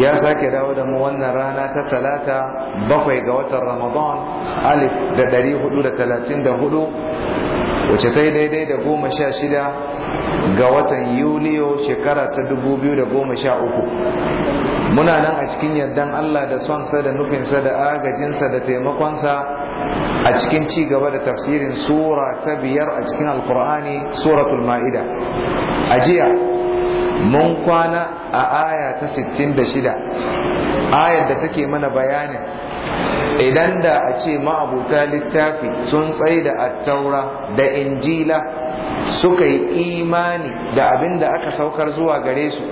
ya sake dawo da mu wannan rana ta talata bakwai ga watan ramadan alif da dari hudu da talatin da hudu wacce ta yi daidai da goma sha shida ga watan yuliyo shekara ta dubu biyu da goma sha uku muna nan a cikin yardan allah da sonsa da nufinsa da agajinsa da taimakonsa a cikin ci gaba da tafsirin sura ta biyar a cikin alkur'ani suratul ma'ida a jiya mun kwana a aya ta 66 ayar da take mana bayanin idan da a ce ma'abuta littafi sun tsaye da attaura da injila suka yi imani da abin da aka saukar zuwa gare su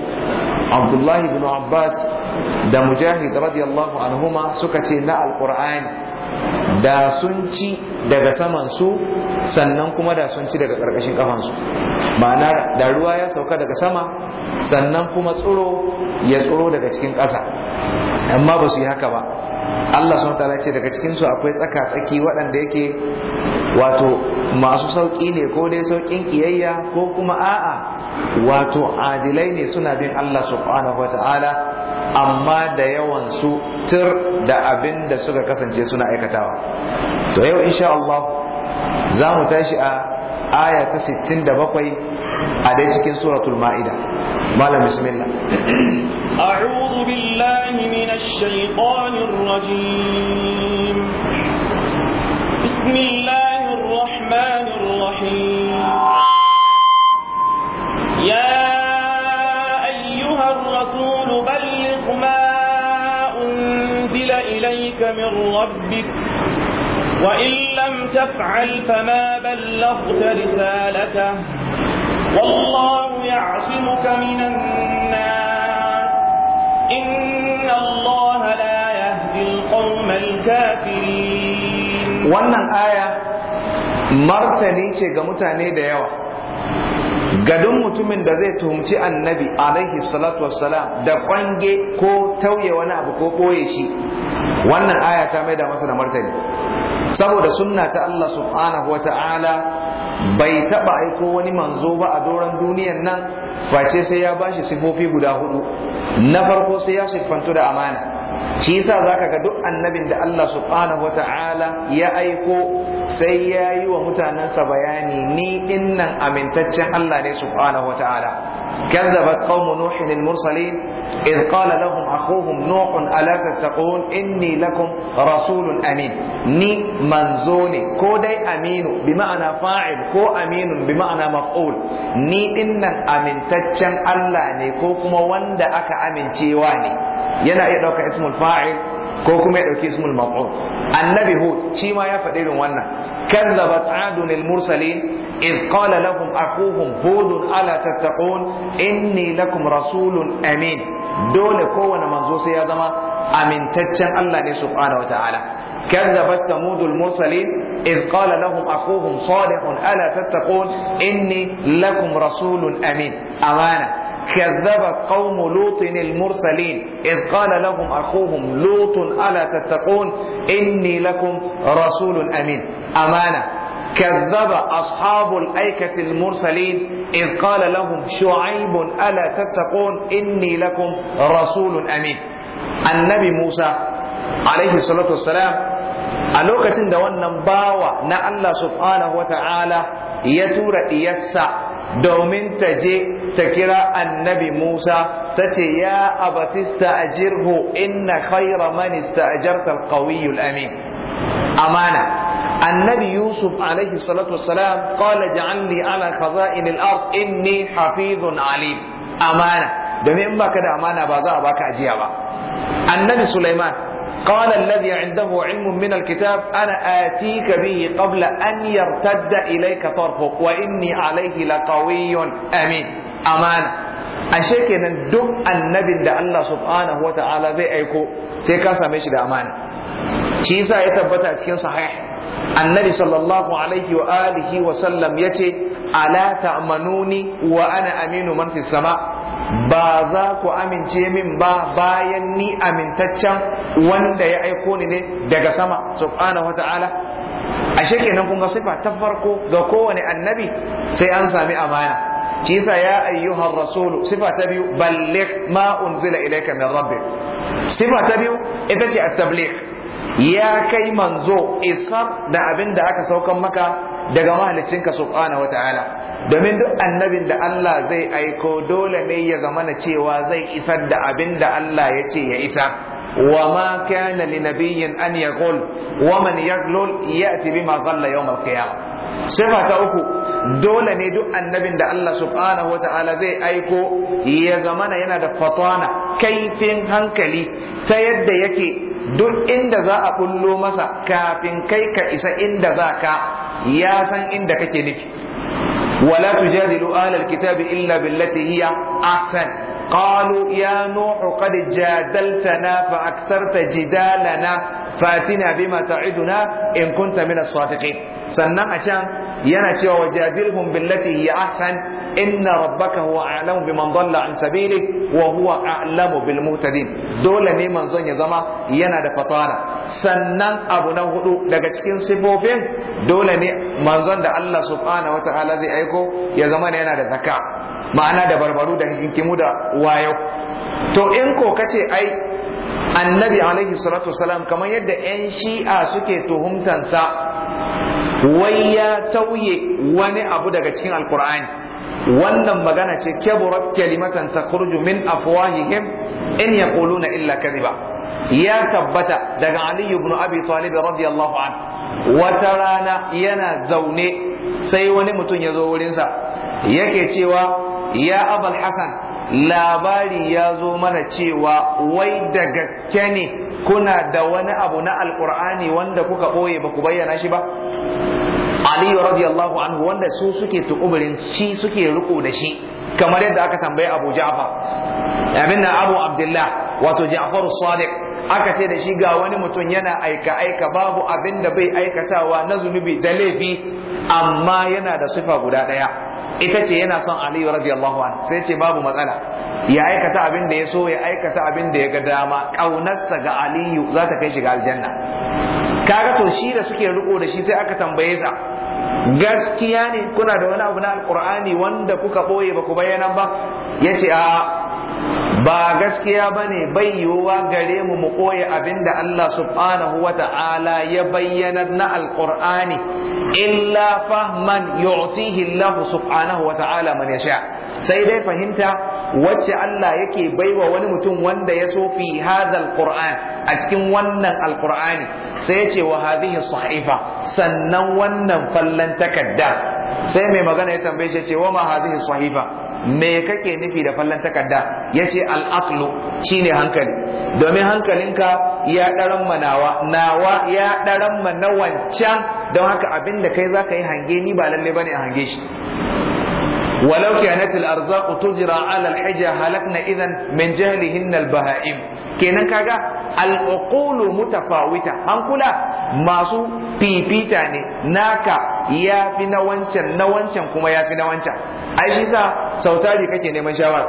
abdullahi bin abbas da mujahid radiyallahu anhuma suka ce na alkur'ani da sun ci daga samansu sannan kuma da sun ci daga ƙarƙashin ƙafansu ma'ana da ruwa ya sauka daga sama sannan kuma tsoro ya tsoro daga cikin ƙasa amma ba su yi haka ba Allah sun tala ce daga cikinsu akwai tsaka-tsaki waɗanda yake wato masu sauƙi ne ko dai sauƙin ƙiyayya ko kuma a'a wato adilai ne suna bin Allah subhanahu wa ta'ala amma da yawansu tur da abin da suka kasance suna aikatawa to yau insha Allah za mu tashi a aya ta 67 a dai cikin suratul ma'ida مالا بسم الله أعوذ بالله من الشيطان الرجيم بسم الله الرحمن الرحيم يا أيها الرسول بلغ ما أنزل إليك من ربك وإن لم تفعل فما بلغت رسالته والله wannan aya martani ce ga mutane da yawa gadon mutumin da zai tuhumci annabi alaihi salatu wassalam da kwange ko tauye wani abu ko ɓoye shi wannan aya ta maida masa da martani saboda sunna ta Allah subhanahu wa ta'ala bai taɓa aiko wani manzo ba a doron duniyan nan face sai ya bashi sifofi guda hudu na farko sai ya siffantu da amana shi yasa zaka ga duk annabin da Allah subhanahu wata'ala ya aiko sai ya yi wa mutanensa bayani ni dinnan amintaccen Allah ne subhanahu wataala kazzabat qaumu nuhin mursalin id qala lahum akhuhum nuh ala tattaqun inni lakum rasulun amin ni manzo ne ko dai aminu bi ma'ana fa'il ko aminun bi ma'ana maf'ul ni dinnan amintaccen Allah ne ko kuma wanda aka amincewa ne yana iya dauka ismul fa'il ko kuma ya dauki ismul maf'ul annabi hud shi ma ya faɗi irin wannan kazzabat adun al mursalin id qala lahum akhuhum hud inni lakum rasulun amin dole kowane manzo sai ya zama amintaccen Allah ne subhanahu wataala kazzabat thamud al mursalin إذ قال لهم أخوهم صالح inni lakum إني amin. رسول أمين كذبت قوم لوط المرسلين إذ قال لهم أخوهم لوط ألا تتقون إني لكم رسول أمين أمانة كذب أصحاب الأيكة المرسلين إذ قال لهم شعيب ألا تتقون إني لكم رسول أمين النبي موسى عليه الصلاة والسلام ألوكة lokacin da wannan سبحانه وتعالى Allah subhanahu domin ta je ta kira annabi Musa ta ce ya abatista ajirhu inna khaira man ista'jarta al-qawiyyu amin amana annabi Yusuf alaihi salatu wassalam qala ja'alni ala khaza'in al-ard inni hafizun alim amana domin in baka da amana ba za a baka ajiya ba annabi Sulaiman قال الذي عنده علم من الكتاب أنا آتيك به قبل أن يرتد إليك طرفك وإني عليه لقوي أمين أمانة ashe kenan duk annabin da Allah subhanahu wa ta'ala zai aiko sai ka same shi da amana shi yasa ya tabbata cikin sahih annabi sallallahu alaihi wa alihi wa sallam yace ala ta'manuni wa ana aminu man fis sama' ba za ku amince min ba bayan ni amintaccen wanda ya aiko ni ne daga sama subhanahu wata'ala ashe kenan kun ga sifa ta farko ga kowane annabi sai an sami amana Cisa ya ayyuhar rasulu sifa ta biyu balligh ma unzila ilayka min rabbik sifa ta biyu ita ce at-tabligh ya kai manzo isar da abin da aka saukan maka daga mahaliccinka subhanahu wataala domin duk annabin da Allah zai aiko dole ne ya zama na cewa zai isar da abin da Allah ya ce ya isa wa ma kana li nabiyyin an yaqul wa man yaqul ya'ti bima qalla yawm al qiyam sifa ta uku dole ne duk annabin da Allah subhanahu wa ta'ala zai aiko ya zamana yana da fatana kaifin hankali ta yadda yake duk inda za a kullo masa kafin kai ka isa inda za ka ya san inda kake nufi ولا تجادلوا أهل الكتاب إلا بالتي هي أحسن قالوا يا نوح قد جادلتنا فأكثرت جدالنا فأتنا بما تعدنا إن كنت من الصادقين سنة أشان ينا وجادلهم بالتي هي أحسن inna rabbaka huwa a'lamu biman dalla an sabili wa huwa dole ne manzon ya zama yana da fatara sannan abu na hudu daga cikin sifofin dole ne manzon da Allah subhanahu wataala zai aiko ya zama yana da zaka ma'ana da da hinkimu da wayo to in ko kace ai annabi alaihi salatu wasalam kamar yadda 'yan shi'a suke tuhumtansa wai ya tauye wani abu daga cikin alkur'ani wannan magana ce kaburat kalimatan takhruju min afwahihim in na illa kadhiba ya tabbata daga Ali ibn Abi Talib radiyallahu an wata rana yana zaune sai wani mutum ya zo wurinsa yake cewa ya Abul Hasan labari ya zo mana cewa wai da gaske ne kuna da wani abu na alƙur'ani wanda kuka ɓoye ba ku bayyana shi ba aliyu radiyallahu anhu wanda su suke tukubirin shi suke riko da shi kamar yadda aka tambaye abu ja'far abin da abu abdullah wato ja'far sadiq aka ce da shi ga wani mutum yana aika aika babu abin da bai aikatawa na zunubi da laifi amma yana da sifa guda ɗaya ita ce yana son aliyu radiyallahu anhu sai ce babu matsala ya aikata abin da ya so ya aikata abin da ya ga dama ƙaunarsa ga aliyu za ta kai shi ga aljanna kaga to shi da suke riko da shi sai aka tambaye sa gaskiya ne kuna da wani abu na alkur'ani wanda kuka ɓoye ba ku bayyana ba ya ce a ba gaskiya ba ne bai yiwuwa gare mu mu ɓoye abin da Allah subhanahu wa ta'ala ya bayyana na alkur'ani illa fahman yu'tihi Allah subhanahu wa ta'ala man yasha sai dai fahimta wacce Allah yake baiwa wani mutum wanda ya so fi hadha alqur'an a cikin wannan alkur'ani sai yace wa hadhihi sahifa sannan wannan fallan takadda. sai mai magana ya tambaye shi ce wa ma hadhihi sahifa me kake nufi da fallan takarda yace al-aqlu shine hankali domin hankalinka ya daran manawa nawa ya daran manawancan don haka abin da kai zaka yi hange ni ba lalle bane a hange shi ولو كانت الأرزاق تجرى على الحجة هلكنا إذا من Kenan البهائم كينا كاغا العقول متفاوتة "Hankula, masu fifita ne naka ya fi na wancan na wancan kuma ya fi na wancan ai shi sa sautari kake neman shawara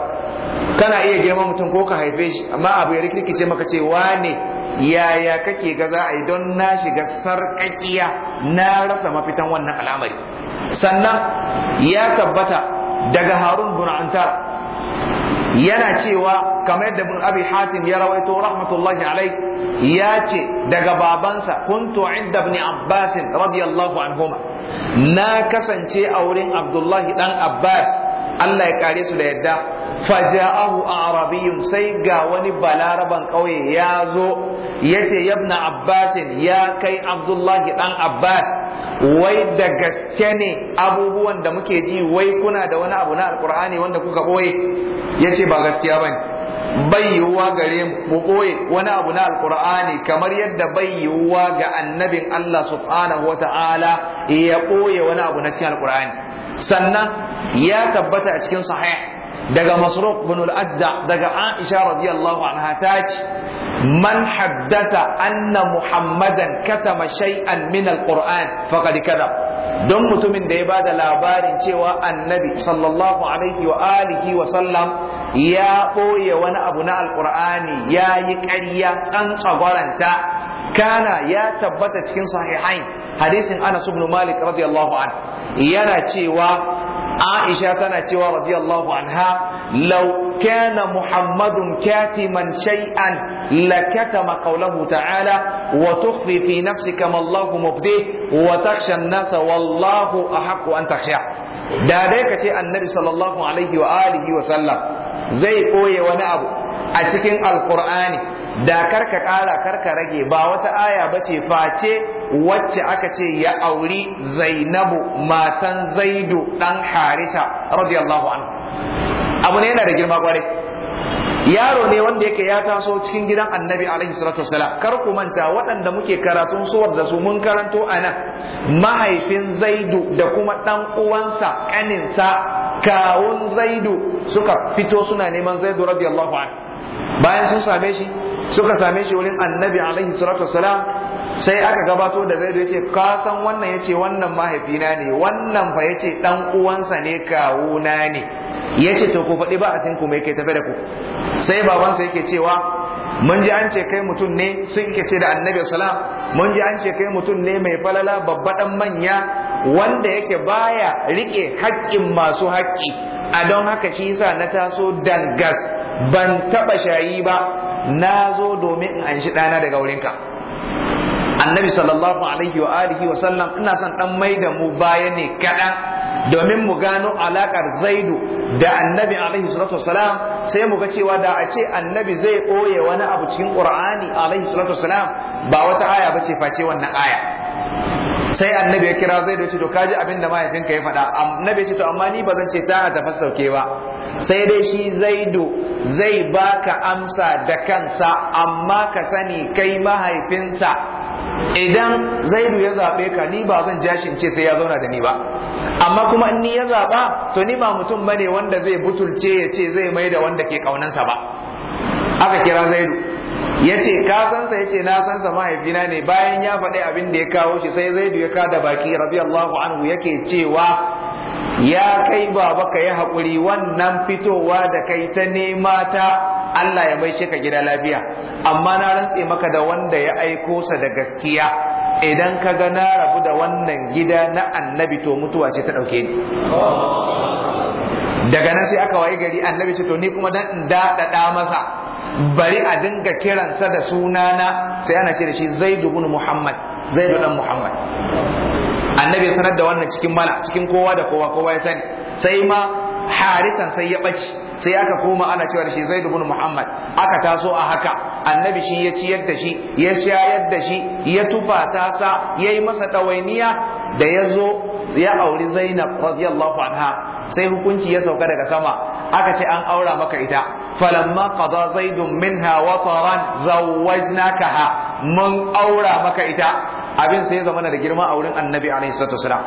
kana iya girma mutum ko ka haife shi amma abu ya rikirkice maka ce wane yaya kake ga za a yi don na shiga sarƙaƙiya na rasa mafitan wannan al'amari sannan ya tabbata daga harun bin antar yana cewa kamar yadda bin abi hatim ya rawaito rahmatullahi alai ya ce daga babansa kuntu inda ibn abbas radiyallahu anhuma na kasance a wurin abdullahi dan abbas Allah ya kare su da yadda faja'ahu arabiyyun sai ga wani balaraban kauye ya zo yace yabna abbasin ya kai abdullahi dan abbas wai da gaske ne abubuwan da muke ji wai kuna da wani abu na alkur'ani wanda kuka ɓoye ya ce ba gaskiya ba ne bai yiwuwa gare mu ɓoye wani abu na alkur'ani kamar yadda bai yiwuwa ga annabin Allah subhanahu ta'ala ya ɓoye wani abu na cikin alkur'ani sannan ya tabbata a cikin sahih daga masruq bin al-ajda daga aisha radiyallahu anha ta ce man haddatha anna muhammadan katama shay'an min al-qur'an faqad don mutumin da ya bada labarin cewa annabi sallallahu alaihi wa alihi wa sallam ya boye wani abu na alqur'ani ya yi ƙarya tsantsagwaranta kana ya tabbata cikin sahihain hadisin anas ibn malik radiyallahu an yana cewa Aisha tana cewa radiyallahu anha law kana Muhammadun katiman shay'an لكتم قوله تعالى وتخفي في نفسك ما الله مبديه وتخشى الناس والله أحق أن تخشى da dai ka ce annabi sallallahu alaihi wa alihi wa sallam zai koye wani abu a cikin alqur'ani da karka ƙara karka rage ba wata aya ba ce face wacce aka ce ya auri zainabu matan zaidu dan harisa radiyallahu anhu abu ne yana da girma kwarai yaro ne wanda yake ya taso cikin gidan annabi alaihi salatu wasalam kar ku manta waɗanda muke karatun suwar da su mun karanto a nan mahaifin zaidu da kuma ɗan uwansa ƙaninsa kawun zaidu suka fito suna neman zaidu radiyallahu anhu bayan sun same shi suka same shi wurin annabi alaihi salatu wasalam sai aka gabato da zaidu yace ka san wannan yace wannan mahaifina ne wannan fa yace dan uwansa ne kawuna ne yace to ku faɗi ba a cikin ku me yake tafe da ku sai babansa yake cewa mun ji an ce kai mutum ne sun ke ce da annabi salam mun ji an ce kai mutum ne mai falala babba dan manya wanda yake baya rike haƙƙin masu haƙƙi a don haka shi yasa na taso dangas ban taba shayi ba na zo domin in anshi ɗana daga wurinka annabi sallallahu alaihi wa alihi wa sallam ina son dan mai da mu baya ne kaɗan domin mu gano alakar zaidu da annabi alaihi salatu wasalam sai mu ga cewa da a ce annabi zai ɓoye wani abu cikin qur'ani alaihi salatu wasalam ba wata aya ba ce face wannan aya sai annabi ya kira zaidu ya ce to kaji abin mahaifinka ya faɗa annabi ya ce to amma ni ba zan ce ta ta fassauke ba sai dai shi zaidu zai baka amsa da kansa amma ka sani kai mahaifinsa idan zaidu ya zaɓe ka ni ba zan jashin ce sai ya zauna da ni ba amma kuma in ni ya zaɓa to ni ba mutum ba ne wanda zai butulce ya ce zai mai da wanda ke ƙaunansa ba aka kira zaidu ya ce ka san ya ce na san mahaifina ne bayan ya faɗi abin da ya kawo shi sai zaidu ya kada baki radiyallahu anhu yake cewa ya kai baba ka yi hakuri wannan fitowa da kai ta nema ta Allah ya maishe ka gida lafiya amma na rantse maka da wanda ya aiko sa da gaskiya idan ka ga na rabu da wannan gida na annabi to mutuwa ce ta ɗauke ni daga nan sai aka wayi gari annabi ce to ni kuma dan in daɗaɗa masa bari a dinga kiransa da sunana sai ana ce da shi zaidu bin muhammad zaidu dan muhammad annabi sanar da wannan cikin cikin kowa da kowa kowa ya sani sai ma harisan sai ya bace sai aka koma ana cewa da shi zaid ibn muhammad aka taso a haka annabi shi ya ciyar da shi ya shayar da shi ya tufa ta sa yi masa ɗawainiya, da ya zo ya auri zainab radiyallahu anha sai hukunci ya sauka daga sama aka ce an aura maka ita falamma qada zaidun minha wataran zawwajnakaha mun aura maka ita abin sai ya zama da girma a wurin annabi alaihi salatu wasalam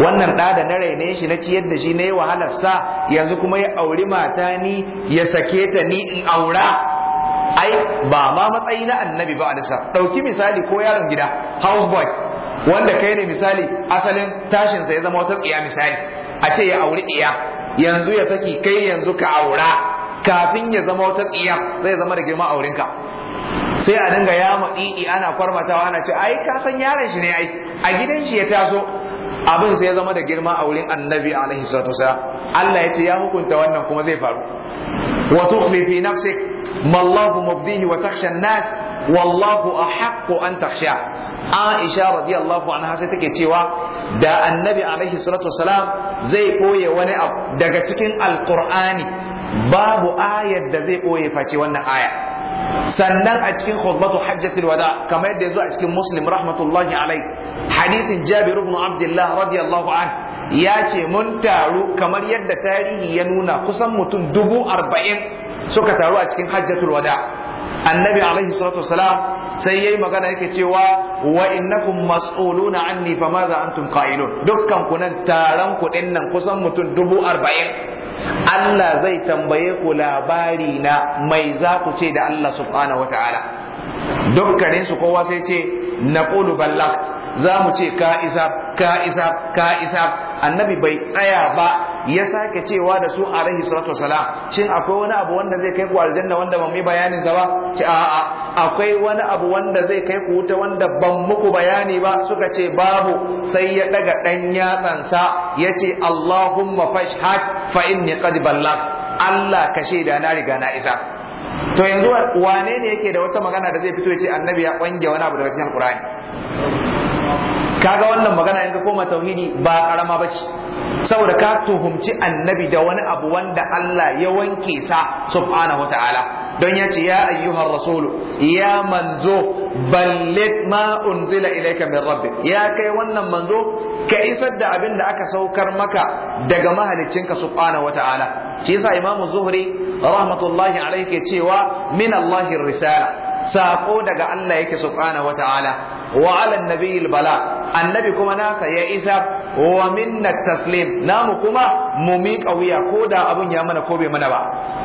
wannan da da na raine shi na ciyar da shi ne wahalar sa yanzu kuma ya auri mata ni ya sake ta ni in aura ai ba ma matsayi na annabi ba alisa Ɗauki misali ko yaron gida house boy wanda kai ne misali asalin tashinsa ya zama wata tsiya misali a ce ya auri iya yanzu ya saki kai yanzu ka aura kafin ya zama wata tsiya zai zama da girma aurinka. sai a dinga yama ɗiɗi ana kwarmatawa ana ce ai ka san yaron shi ne ai a gidan shi ya taso abin sai ya zama da girma a wurin annabi alaihi salatu Allah ya ce ya hukunta wannan kuma zai faru wa tukhfi fi nafsik ma mubdihi wa takhsha nas wallahu ahaqqu an takhsha Aisha radiyallahu anha sai take cewa da annabi alaihi salatu wasalam zai koye wani abu daga cikin alqur'ani babu ayar da zai koye face wannan aya sannan a cikin khutbatu hajjatul wada kamar yadda yazo a cikin muslim rahmatullahi alai hadisin jabir ibn abdullah radiyallahu an ya ce mun taru kamar yadda tarihi ya nuna kusan mutum dubu arba'in suka taru a cikin hajjatul wada annabi alaihi salatu wasalam sai yayi magana yake cewa wa innakum mas'uluna anni fa madha antum qailun dukkan ku nan taron ku nan kusan mutum dubu arba'in Allah zai tambaye ku labari na mai za ku ce da Allah subhanahu wa ta'ala dukkanin su kowa sai ce na ballagt za mu ce ka isa ka isa ka isa annabi bai tsaya ba ya sake cewa da su alaihi salatu wasalam shin akwai wani abu wanda zai kai ku aljanna wanda ban yi bayanin sa ba ce a a akwai wani abu wanda zai kai ku wuta wanda ban muku bayani ba suka ce babu sai ya daga dan yatsansa yace Allahumma fashhad fa inni qad ballag Allah ka shaida na riga na isa to yanzu wane ne yake da wata magana da zai fito ya annabi ya kwange wani abu daga cikin alkurani kaga wannan magana in ka koma tauhidi ba karama bace saboda ka tuhumci annabi da wani abu wanda Allah ya wanke sa subhanahu ta'ala don ya ce ya ayyuhan rasulu ya manzo ballit ma unzila ilayka min rabbi, ya kai wannan manzo ka isar da abin da aka saukar maka daga mahaliccinka subhanahu ta'ala shi yasa imamu zuhri rahmatullahi alayhi ke cewa min Allahir risala sako daga Allah yake subhanahu ta'ala wa ala nabiyil bala annabi kuma nasa ya isa wa minna taslim namu kuma mu miƙa wuya ko da abin ya mana ko bai mana ba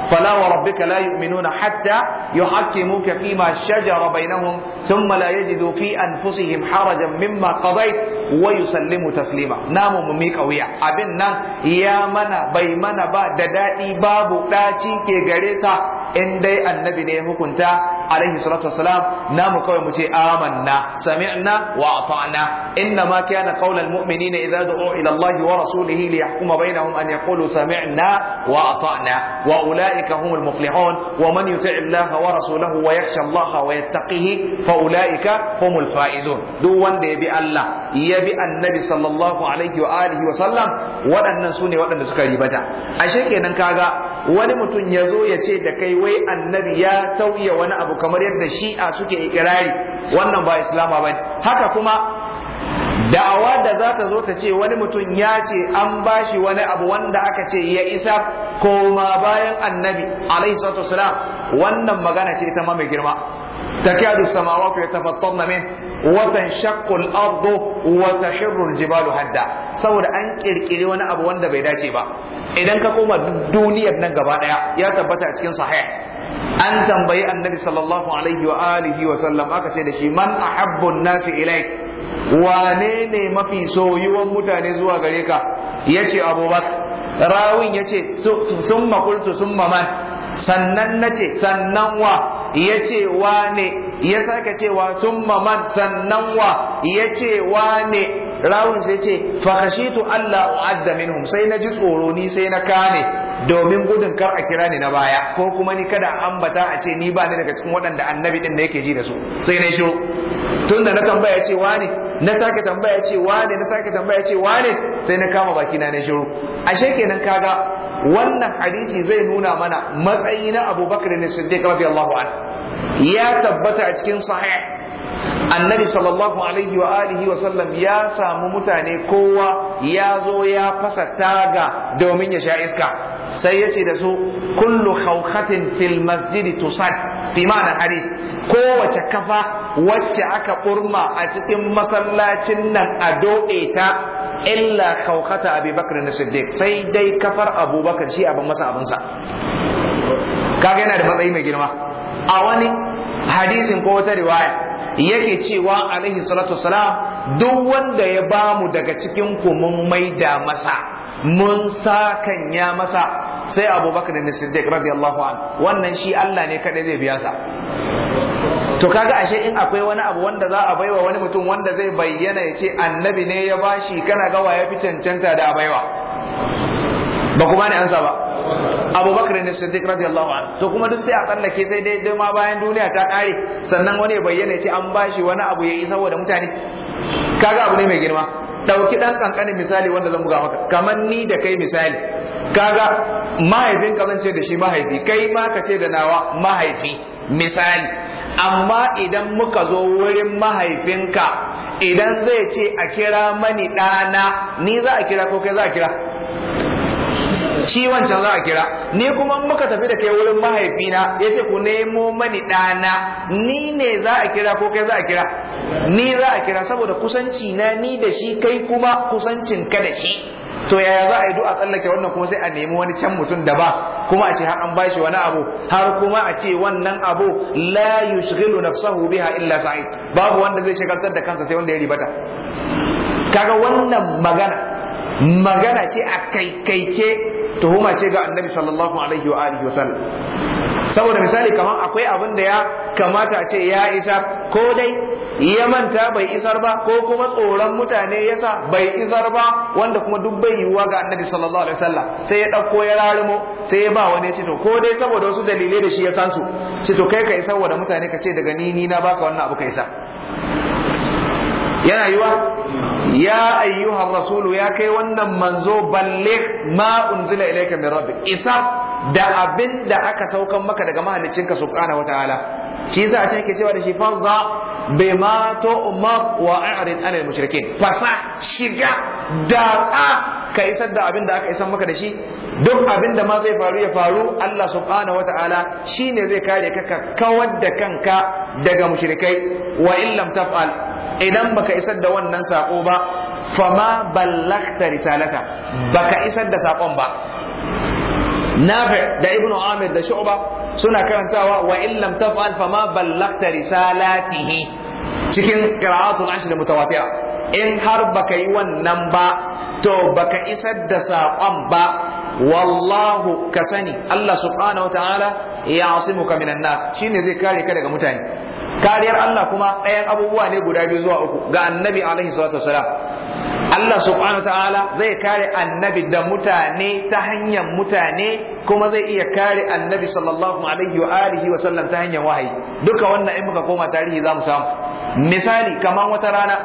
Falawa wa rabbika la yu'minuna hatta yuhaqqimuka fima shajara bainahum thumma la yajidu fi anfusihim harajan mimma qadayt wa yusallimu taslima namu mu miƙa wuya abin nan ya mana bai mana ba da daɗi babu ɗaci ke gare sa in dai annabi ne ya hukunta alaihi salatu wassalam namu kawai mu ce amanna sami'na wa ata'na inna ma kana qaulal mu'minina idza du'u ila Allah wa rasulihi li yahkuma bainahum an yaqulu sami'na wa ata'na وأولئك هم المفلحون ومن يطع الله ورسوله ويخشى الله ويتقيه فأولئك هم الفائزون دو وند يبي الله يبي النبي صلى الله عليه وآله وسلم waɗannan su ne waɗanda suka ribata ashe kenan kaga wani mutum ya zo ya ce da kai wai annabi ya tauye wani abu kamar yadda shi'a suke ikirari wannan ba islama ba haka kuma da'awa da za ta zo ta ce wani mutum ya ce an bashi wani abu wanda aka ce ya isa koma bayan annabi alaihi salatu wasalam wannan magana ce ita ma mai girma takadu samawati yatafattarna min wa tanshaqqu al-ardu wa tahirru al-jibalu hadda saboda an kirkiri wani abu wanda bai dace ba idan ka koma duniyar nan gaba daya ya tabbata a cikin sahih an tambayi annabi sallallahu alaihi wa alihi wa sallam aka ce da shi man ahabbu nasi ilai. wane ne mafi soyuwan mutane zuwa gare ka ce abubakar rawin ya ce sun makultu sun man sannan nace sannan wa yace wane ya sake cewa summa man sannan wa yace wane rawun sai ce fakashitu Allah u'adda minhum sai na ji tsoro ni sai na kane domin gudun kar a kira ni na baya ko kuma ni kada ambata a ce ni ba ni daga cikin waɗanda annabi din da yake ji da su sai na shiru tunda na tambaya ce wane na sake tambaya ce wane na sake tambaya ce wane sai na kama baki na na shiru ashe kenan kaga wannan hadisi zai nuna mana matsayi na abubakar ne siddiq radiyallahu an. ya tabbata a cikin sahih annabi sallallahu alaihi wa alihi wa sallam ya samu mutane kowa ya zo ya fasa taga domin ya sha iska sai yace da su kullu khawkhatin fil masjid tusad fi ma'anar hadis kowace kafa wacce aka burma a cikin masallacin nan a doɗe ta illa khawkhata abi bakr na siddiq sai dai kafar abubakar shi abin masa sa. kaga yana da matsayi mai girma a wani hadisin ko wata riwaya yake cewa alaihi salatu wasalam duk wanda ya bamu daga cikin ku mun maida masa mun sakan ya masa sai abubakar da siddiq radiyallahu an wannan shi Allah ne kadai zai biya sa to kaga ashe in akwai wani abu wanda za a baiwa wani mutum wanda zai bayyana ya ce annabi ne ya bashi kana gawa ya fi cancanta da a baiwa ba kuma ne ansa ba abubakar ne siddiq radiyallahu anhu to kuma duk sai a tsallake sai dai dai ma bayan duniya ta kare sannan wani ya bayyana ya ce an bashi wani abu yayi saboda mutane kaga abu ne mai girma Dauki ɗan ƙanƙanin misali wanda zan buga maka kamar ni da kai misali kaga mahaifin ka zan ce da shi mahaifi kai ma ka ce da nawa mahaifi misali amma idan muka zo wurin mahaifinka idan zai ce a kira mani ɗana ni za a kira ko kai za a kira shi wancan za a kira ni kuma muka tafi da kai wurin mahaifina ya ce ku nemo mani ɗana ni ne za a kira ko kai za a kira ni za a kira saboda kusanci na ni da shi kai kuma kusancin ka da shi to yaya za a yi du'a tsallake wannan kuma sai a nemi wani can mutum da ba kuma a ce har an bashi wani abu har kuma a ce wannan abu la yushghilu nafsahu biha illa sa'id babu wanda zai shagaltar da kansa sai wanda ya ribata kaga wannan magana magana ce a kaikaice tuhuma ce ga annabi sallallahu alaihi wa alihi wa sallam saboda misali kamar akwai abin da ya kamata a ce ya isa ko dai ya manta bai isar ba ko kuma tsoron mutane yasa bai isar ba wanda kuma duk bai yiwuwa ga annabi sallallahu alaihi wasallam sai ya ɗauko ya rarimo sai ya ba wani ya ce to ko dai saboda wasu dalilai da shi ya san su ce to kai ka isa wa da mutane ka ce daga ni ni na baka wannan abu ka isa yana yiwa ya ayyuhar rasulu ya kai wannan manzo balle ma unzila ilayka min rabbik isa da abin da aka saukan maka daga mahaliccinka subhanahu wataala shi yasa a yake cewa da shi farza bima tu'mar wa a'rid anil mushrikin fasa shiga datsa ka isar da abin da aka isar maka da shi duk abin da ma zai faru ya faru Allah subhanahu wata'ala shine zai kare ka ka kawar da kanka daga mushrikai wa in lam taf'al idan baka isar da wannan sako ba fama ballakta risalata baka isar da sakon ba nafi da ibnu amir da shu'ba suna karantawa wa in lam taf'al fama ballakta risalatihi cikin qira'atul ashr mutawatira in har baka yi wannan ba to baka isar da sakon ba wallahu ka sani Allah subhanahu wa ta'ala ya asimuka minan nas shine zai kare ka daga mutane kariyar Allah kuma ɗayan abubuwa ne guda biyu zuwa uku ga annabi alaihi salatu wasalam Allah subhanahu ta'ala zai kare annabi da mutane ta hanyar mutane kuma zai iya kare annabi sallallahu alaihi wa alihi wa sallam ta hanyar wahayi duka wannan in muka koma tarihi zamu samu misali kamar wata rana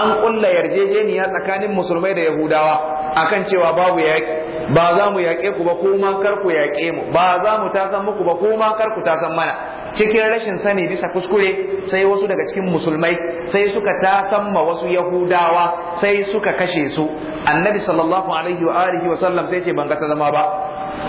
an kulla yarjejeniya tsakanin musulmai da yahudawa akan cewa babu yaki ba za mu yaƙe ku ba kuma kar ku yaƙe mu ba za mu tasan muku ba kuma kar ku tasan mana cikin rashin sani bisa kuskure sai wasu daga cikin musulmai sai suka tasamma wasu yahudawa sai suka kashe su annabi sallallahu alaihi wa alihi wa sallam sai ce ban ga ta zama ba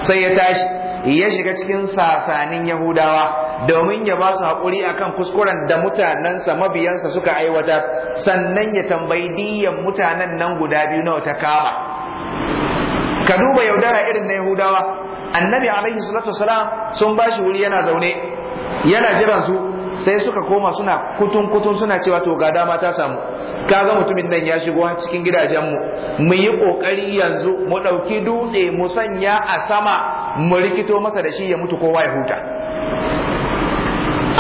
sai ya tashi ya shiga cikin sasanin yahudawa domin ya ba su haƙuri akan kuskuren da mutanensa mabiyansa suka aiwatar sannan ya tambayi diyan mutanen nan guda biyu nawa ta kama ka duba yaudara irin na yahudawa annabi alaihi salatu wasalam sun bashi wuri yana zaune yana jiran su sai suka koma suna kutun kutun suna cewa to ga dama ta samu kaga mutumin nan ya shigo cikin gidajenmu mu yi kokari yanzu mu ɗauki dutse mu sanya a sama mu rikito masa da shi ya mutu kowa ya huta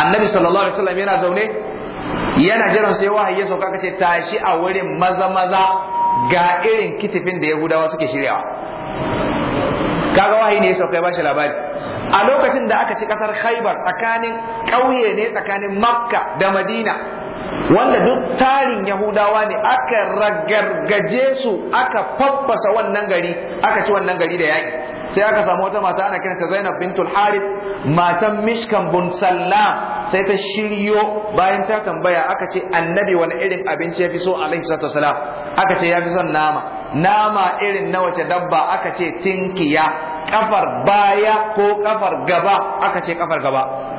annabi sallallahu alaihi wasallam yana zaune yana jiran sai wahayi ya sauka kace tashi a wurin maza maza ga irin kitifin da yahudawa suke shiryawa kaga wahayi ne ya sauka ya bashi labari a lokacin da aka ci kasar khaibar tsakanin ƙauye ne tsakanin makka da madina wanda duk tarin yahudawa ne aka ragargaje su aka faffasa wannan gari aka ci wannan gari da yaƙi sai aka samu wata mata ana ta Zainab bintul Harith matan Mishkan bin Sallam sai ta shiryo bayan ta tambaya aka ce annabi wani irin abinci ya fi so alaihi salatu wasalam aka ce ya fi son nama nama irin na wace dabba aka ce tinkiya kafar baya ko kafar gaba aka ce kafar gaba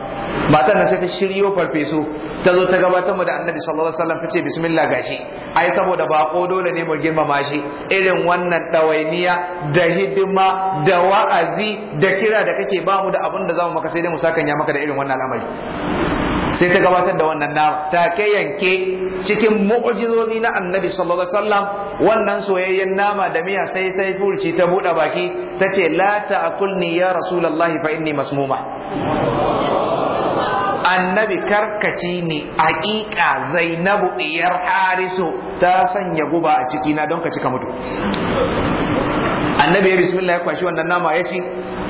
matan nan sai ta shiryo farfeso ta zo ta gabatar mu da annabi sallallahu alaihi wasallam ta ce bismillah gashi ai saboda bako dole ne mu girmama shi irin wannan dawainiya da hidima da wa'azi da kira da kake ba mu da abin da zamu maka sai dai mu nya maka da irin wannan al'amari sai ta gabatar da wannan na ta ke yanke cikin mu'jizozi na annabi sallallahu alaihi wasallam wannan soyayyen nama da miya sai ta furci ta buɗe baki ta ce la ta'kulni ya rasulullahi fa inni masmuma annabi karkaci ne aƙiƙa zainabu ɗiyar harisu ta sanya guba a ciki na don ka cika mutu annabi ya bismillah ya kwashi wannan nama ya ci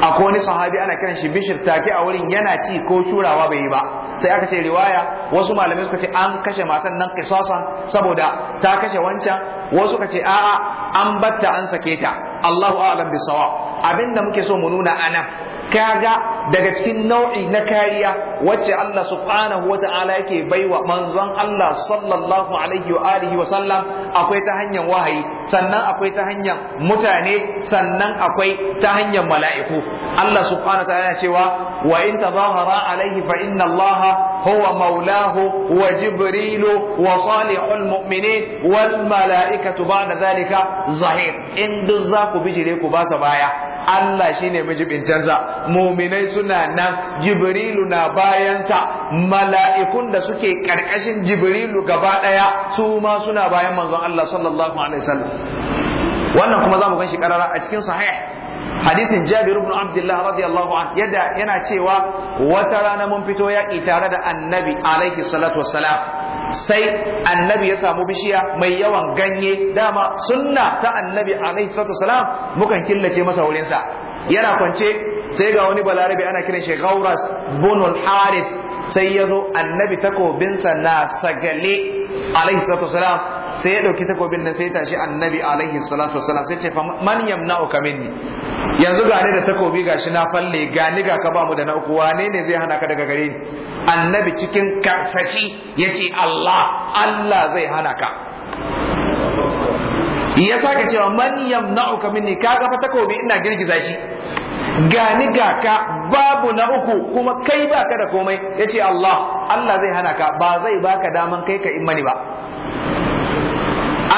akwai wani sahabi ana kiran shi bishir take a wurin yana ci ko shurawa bai yi ba sai aka ce riwaya wasu malamai suka ce an kashe matan nan kisasan saboda ta kashe wancan wasu suka ce a'a an batta an sake ta Allahu a'lam bisawab abinda muke so mu nuna anan kaga daga cikin nau'i na kariya wacce Allah subhanahu ta'ala yake baiwa manzon Allah sallallahu alaihi wa alihi wa sallam akwai ta hanyar wahayi sannan akwai ta hanyar mutane sannan akwai ta hanyar mala'iku Allah subhanahu ta'ala cewa wa in tazahara alaihi fa inna Allah huwa maulahu wa jibrilu wa salihul mu'minin wal mala'ikatu ba'da zalika zahir in duk za ku bijire ku ba baya Allah shi shine canza muminai suna nan jibrilu na bayansa mala'ikun da suke ƙarƙashin jibrilu gaba ɗaya. su ma suna bayan manzon Allah sallallahu alaihi wasallam wannan kuma zamu gan shi ƙarara a cikin sahih hadisin Jabir ibn Abdullah radiyallahu an yana cewa wata rana mun fito yaƙi tare da Annabi alaihi salatu wassalam sai Annabi ya samu bishiya mai yawan ganye dama sunna ta Annabi alaihi salatu wassalam mukan killace masa wurinsa yana kwance sai ga wani balarabe ana kiran shi gauras bunul haris sai ya zo annabi takobinsa na sagale alaihi salatu wasalam sai ya dauki takobin nan sai ya tashi annabi alaihi salatu wasalam sai ce fa man yamna'uka minni yanzu ga ni da takobi gashi na falle ga ni ga ka ba mu da na uku wane ne zai hana ka daga gare ni annabi cikin karsashi yace Allah Allah zai hana ka ya saka cewa man yamna'uka minni ka ga takobi ina girgiza shi gani ga ka babu na uku kuma kai baka da komai yace Allah Allah zai hana ka ba zai baka daman kai ka imani ba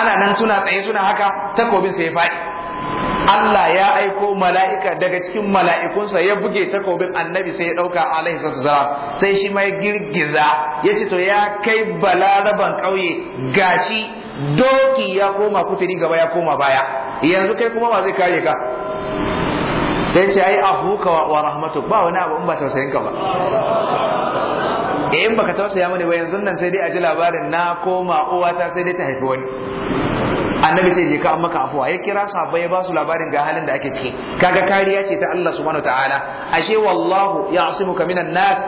ana nan suna tsaye suna haka takobin sai ya faɗi Allah ya aiko mala'ika daga cikin mala'ikunsa ya buge takobin annabi sai ya ɗauka alaihi zara, sai shi mai girgiza ya ce to ya kai balaraban ƙauye gashi doki ya koma kuturi gaba ya koma baya yanzu kai kuma ba zai kare ka sai ce ai ahuka wa rahmatuk ba wani abu in ba tausayin ka ba eh in baka tausaya mani ba yanzu nan sai dai a ji labarin na koma uwata sai dai ta haifi wani annabi sai je ka an maka afuwa ya kira sahabbai ya ba su labarin ga halin da ake ciki kaga kariya ce ta Allah subhanahu wataala ashe wallahu ya'simuka minan nas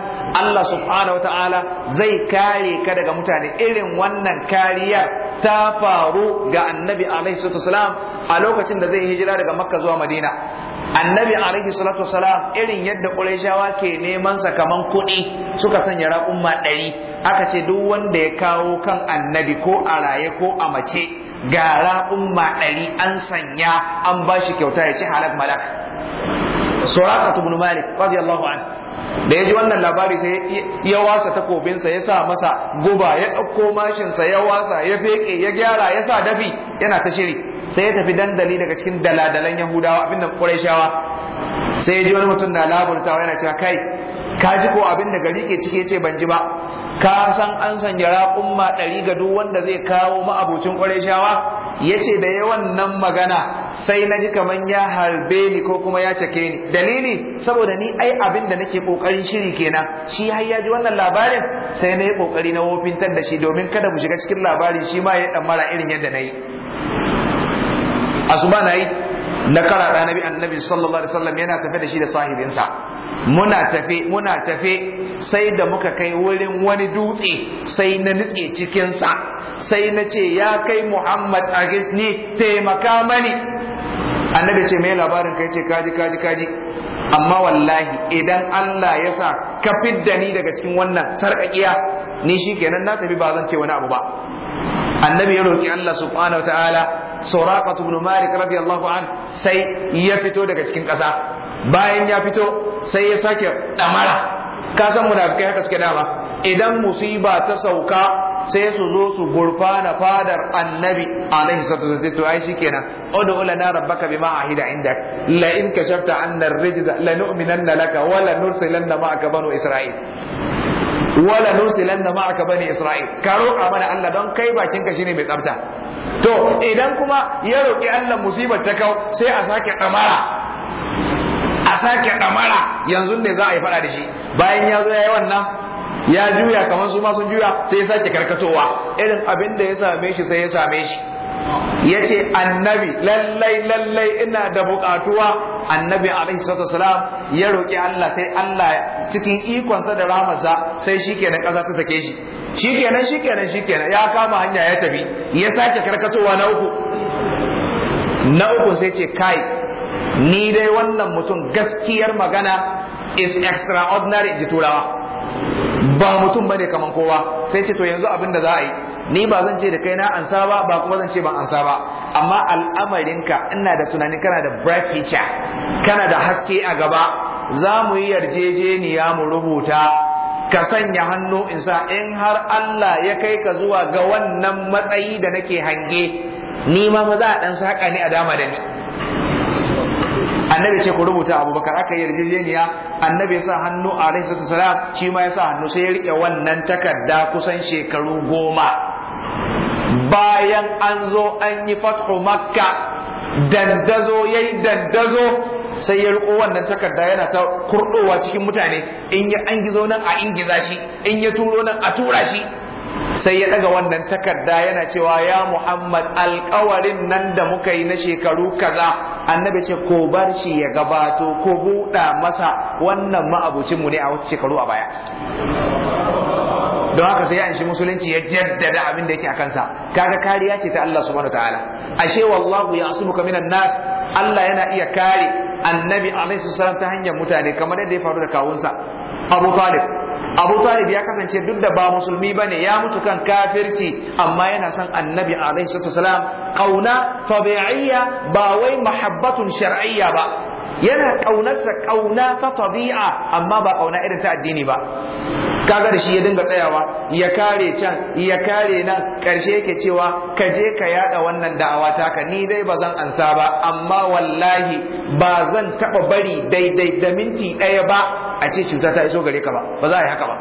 Allah subhanahu wataala zai kare ka daga mutane irin wannan kariya ta faru ga annabi alaihi salatu a lokacin da zai hijira daga makka zuwa madina annabi alaihi salatu wasalam irin yadda qurayshawa ke neman sa kaman kuɗi suka sanya raƙumma ɗari aka ce duk wanda ya kawo kan annabi ko a raye ko a mace ga raƙumma ɗari an sanya an ba shi kyauta ya ci halak malak suraqat ibn malik radiyallahu anhu da ya ji wannan labari sai ya wasa takobinsa ya sa masa guba ya ɗauko mashinsa ya wasa ya feƙe ya gyara ya sa dafi yana ta shiri sai ya tafi dandali daga cikin daladalan yahudawa abinda shawa. sai ya ji wani mutum na laburtawa yana cewa kai ka ji ko abin da gari ke cike ce ban ji ba ka san an sanya raƙumma ɗari ga duk wanda zai kawo ma'abocin shawa? ya ce da yawan nan magana sai na ji kamar ya harbe ni ko kuma ya cake ni dalili saboda ni ai abin da nake kokarin shiri kenan shi har ya ji wannan labarin sai na yi kokari na wofintar da shi domin kada mu shiga cikin labarin shi ma ya dan mara irin yadda na yi asuba na yi na kara da nabi annabi sallallahu alaihi wasallam yana tafe da shi da sahibinsa muna tafe muna tafe sai da muka kai wurin wani dutse sai na nutse cikinsa sai na ce ya kai muhammad a ni taimaka mani annabi ce mai labarin kai ce kaji kaji kaji amma wallahi idan Allah ya sa ka fidda ni daga cikin wannan sarƙaƙiya ni shi kenan na tafi ba zan ce wani abu ba annabi ya roƙi Allah subhanahu wa ta'ala suraqat ibn malik radiyallahu an sai ya fito daga cikin ƙasa bayan ya fito sai ya sake damara ka san munafikai haka suke dama idan musiba ta sauka sai su zo su gurfana fadar annabi alaihi salatu wasallam to ai shikenan ud'u lana rabbaka bima ahida indak la in kashafta anna ar-rijza lanu'minanna laka wa lanursilanna ma'aka banu isra'il wala nusilan da ma'aka bani isra'il ka roƙa mana Allah don kai bakin ka shine mai tsafta to idan kuma ya roƙi Allah musibar ta kau sai a sake ɗamara a sake ɗamara yanzu ne za a yi faɗa da shi bayan ya zo ya yi wannan ya juya kamar su ma sun juya sai ya sake karkatowa irin abin da ya same shi sai ya same shi ya ce annabi lallai lallai ina da bukatuwa annabi alaihi salatu wasalam ya roƙi Allah sai Allah cikin ikonsa da rahamarsa sai shikenan ƙasa ta sake shi shikenan shikenan shikenan ya kama hanya ya tafi ya sake karkatowa na uku na uku sai ce kai ni dai wannan mutum gaskiyar magana is extraordinary ji turawa ba mutum ba ne kamar kowa sai ce to yanzu abin da za a yi ni ba zan ce da kai na ansa ba ba kuma zan ce ban ansa ba amma al'amarinka ina da tunani kana da bright future kana da haske a gaba za mu yi yarjejeniya mu rubuta ka sanya hannu in sa in har Allah ya kai ka zuwa ga wannan matsayi da nake hange ni ma maza a dan saka ni a dama da ni annabi ce ku rubuta abubakar aka yi yarjejeniya annabi ya sa hannu alaihi salatu shi ma ya sa hannu sai ya rike wannan takarda kusan shekaru goma bayan an zo an yi fathu makka dandazo yi dandazo sai ya riko wannan takarda yana ta kurdowa cikin mutane in ya an gizo nan a ingiza shi in ya turo nan a tura shi sai ya daga wannan takarda yana cewa ya Muhammad alkawarin nan da muka yi na shekaru kaza annabi ce ko bar shi ya gabato ko buɗa masa wannan ma'abucinmu ne a wasu shekaru a baya don haka sai ya anshi musulunci ya jaddada abin da yake a kansa kaga kariya ce ta Allah subhanahu wataala ashe wallahu ya'simuka minan nas Allah yana iya kare annabi alaihi salam ta hanyar mutane kamar yadda ya faru da kawunsa Abu Talib Abu Talib ya kasance duk da ba musulmi bane ya mutu kan kafirci amma yana son annabi alaihi salam kauna tabi'iyya ba wai mahabbatun shar'iyya ba yana ƙaunarsa ƙauna ta tabi'a amma ba ƙauna irin ta addini ba kaga da shi ya dinga tsayawa ya kare can ya kare nan karshe yake cewa ka je ka yada wannan da'awa taka ni dai ba zan ansa ba amma wallahi ba zan taba bari daidai da minti ɗaya ba a ce cuta ta iso gare ka ba ba za a yi haka ba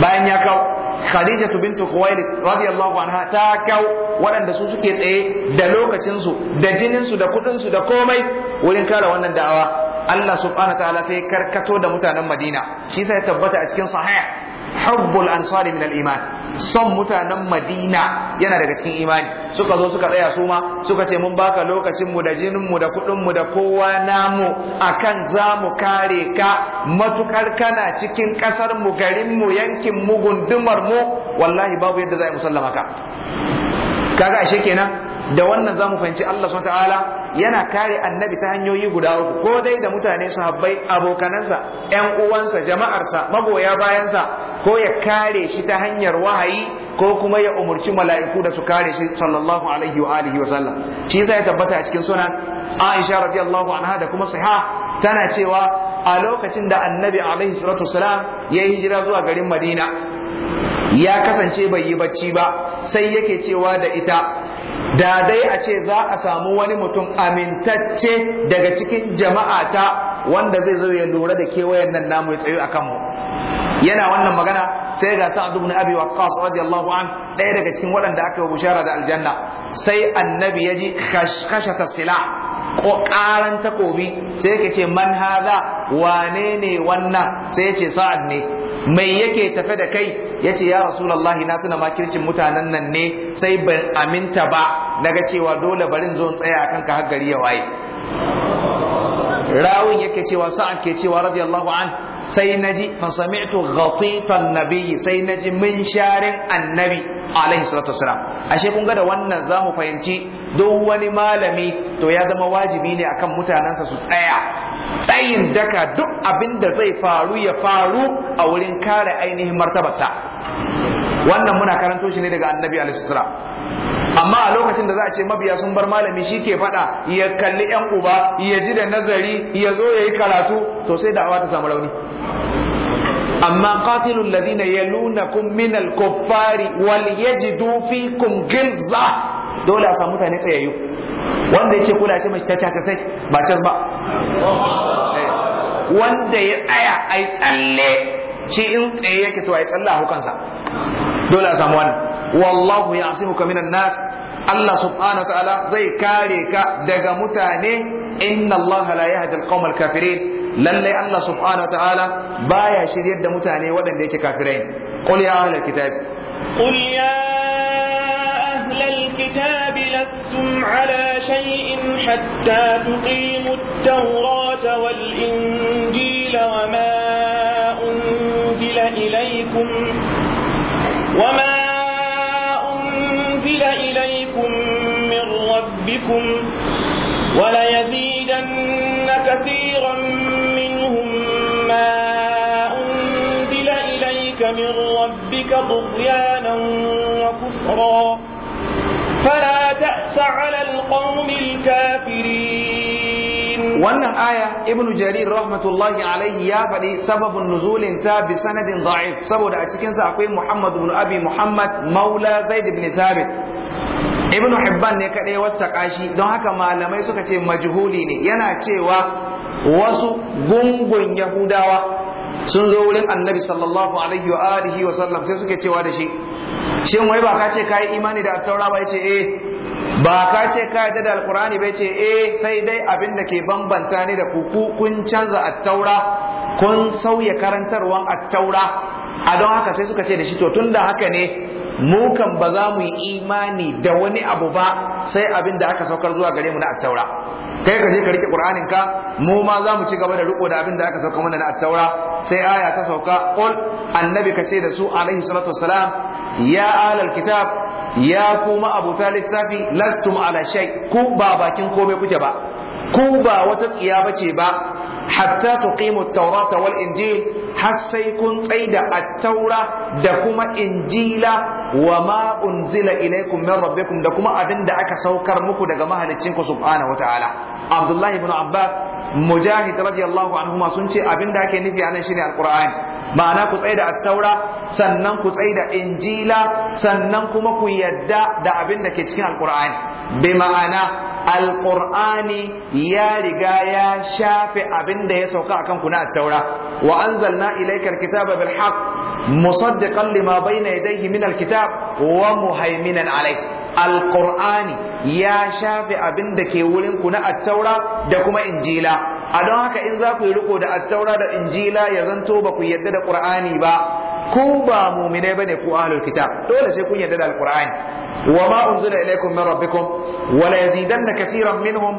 bayan ya kawo Khadija bintu Khuwailid radiyallahu anha ta kau waɗanda su suke tsaye da lokacin su da jinin su da kudin su da komai wurin kare wannan da'awa Allah subhanahu ta'ala sai karkato da mutanen Madina shi sai tabbata a cikin sahih hubbul ansari min al-iman son mutanen madina yana daga cikin imani suka zo suka tsaya su ma suka ce mun baka lokacin mu da jinin mu da kudin mu da kowa namu akan zamu kare ka matukar kana cikin kasar mu garin mu yankin mu gundumar mu wallahi babu yadda za a sallama ka kaga ashe kenan da wannan zamu fahimci Allah subhanahu ta'ala yana kare annabi ta hanyoyi guda uku ko dai da mutane sahabbai abokanansa ƴan uwansa jama'arsa magoya bayansa ko ya kare shi ta hanyar wahayi ko kuma ya umurci mala'iku da su kare shi sallallahu alaihi wa alihi wa sallam shi yasa ya tabbata a cikin sunan Aisha radiyallahu anha da kuma sahiha tana cewa a lokacin da annabi alaihi salatu wasalam ya yi hijira zuwa garin Madina ya kasance bai yi bacci ba sai yake cewa da ita da dai a ce za a samu wani mutum amintacce daga cikin jama'a ta wanda zai zo ya lura da kewayen nan namu ya tsayo a kanmu yana wannan magana sai ga sa'ad ibn abi waqqas radiyallahu an ɗaya daga cikin waɗanda aka yi bushara da aljanna sai annabi ya ji khashkashata silah ko ƙaran takobi sai yake ce man hadha wane ne wannan sai yace sa'ad ne mai yake tafe da kai yace ya rasulullahi na tuna makircin mutanen nan ne sai ban aminta ba naga cewa dole barin zo tsaya akan ka har gari ya waye rawin yake cewa sa'ad ke cewa radiyallahu an sai naji fa sami'tu ghatifan nabiy sai naji min sharin annabi alaihi salatu ashe kun ga da wannan zamu fahimci duk wani malami to ya zama wajibi ne akan mutanansa su tsaya tsayin daka duk abin da zai faru ya faru a wurin kare ainihin martabarsa wannan muna karanto shi ne daga annabi alisra amma a lokacin da za a ce mabiya sun bar malami shi ke faɗa ya kalli yan uba ya ji da nazari ya zo ya yi karatu to sai da'awa ta samu rauni amma qatilul ladina yalunakum minal kuffari wal yajidu fikum gilza dole a samu mutane tsayayyu wanda yace kula ce mace ta caka sai ba can ba wanda ya tsaya a yi tsalle shi in tsaye yake to a yi tsalle a hukansa dole a samu wannan wallahu ya asimuka na nas Allah subhanahu wa ta'ala zai kare ka daga mutane inna Allah la yahdi al kafirin Lallai Allah subhanahu wa ta'ala baya shiryar da mutane waɗanda yake kafirai qul ya kitab qul ya الكتاب لستم على شيء حتى تقيموا التوراة والإنجيل وما أنزل إليكم وما أنزل إليكم من ربكم وليزيدن كثيرا منهم ما أنزل إليك من ربك طغيانا وكفرا فلا تأس على القوم الكافرين wannan aya ibnu jarir rahmatullahi alaihi ya faɗi sababin nuzulin ta bi sanadin da'if saboda a cikinsa akwai muhammad ibn abi muhammad maula zaid ibn sabit ibnu hibban ne kaɗai wasa kashi don haka malamai suka ce majhuli ne yana cewa wasu gungun yahudawa sun zo wurin annabi sallallahu alaihi wa wa sallam sai suke cewa da shi shin wai ba ka ce ka yi imani da attaura ba ce eh ba ka ce ka yi da alkur'ani ba ce eh sai dai abin da ke bambanta ne da ku kun canza attaura kun sauya karantarwan attaura a don haka sai suka ce da shi to tun da haka ne Mukan ba za mu yi imani da wani abu ba sai abin da aka saukar zuwa gare mu na attaura kai ka je ka rike qur'anin ka mu ma za mu ci gaba da riko da abin da aka sauka mana na attaura sai aya ta sauka qul annabi ka ce da su alaihi salatu wassalam ya alal kitab ya kuma abu littafi lastum ala shay ku ba bakin komai kuke ba ku ba wata tsiya bace ba hatta tuqimu at-taurata wal injil har sai kun tsaida at da kuma injila wa ma unzila ilaykum min rabbikum da kuma abin da aka saukar muku daga mahaliccinku subhanahu ta'ala. Abdullahi ibn Abbas Mujahid radiyallahu anhuma sun ce abin da ake nufi anan shine alqur'ani ma'ana ku tsaye da attaura sannan ku tsaye da injila sannan kuma ku yadda da abin da ke cikin alkur'ani bi ma'ana alkur'ani ya riga ya shafe abin da ya sauka akan ku na attaura wa anzalna ilayka alkitaba bil haqq musaddiqan lima bayna yadayhi min alkitab wa muhaiminan alayh alqur'ani ya shafi abin da ke wurin ku na taura da kuma injila a don haka in za ku yi riko da attaura da injila ya zanto ba ku yadda da qur'ani ba ku ba mu'minai bane ku ahlul kitab dole sai kun yadda da alqur'ani wa ma unzila ilaykum min rabbikum wa la yazidanna kathiran minhum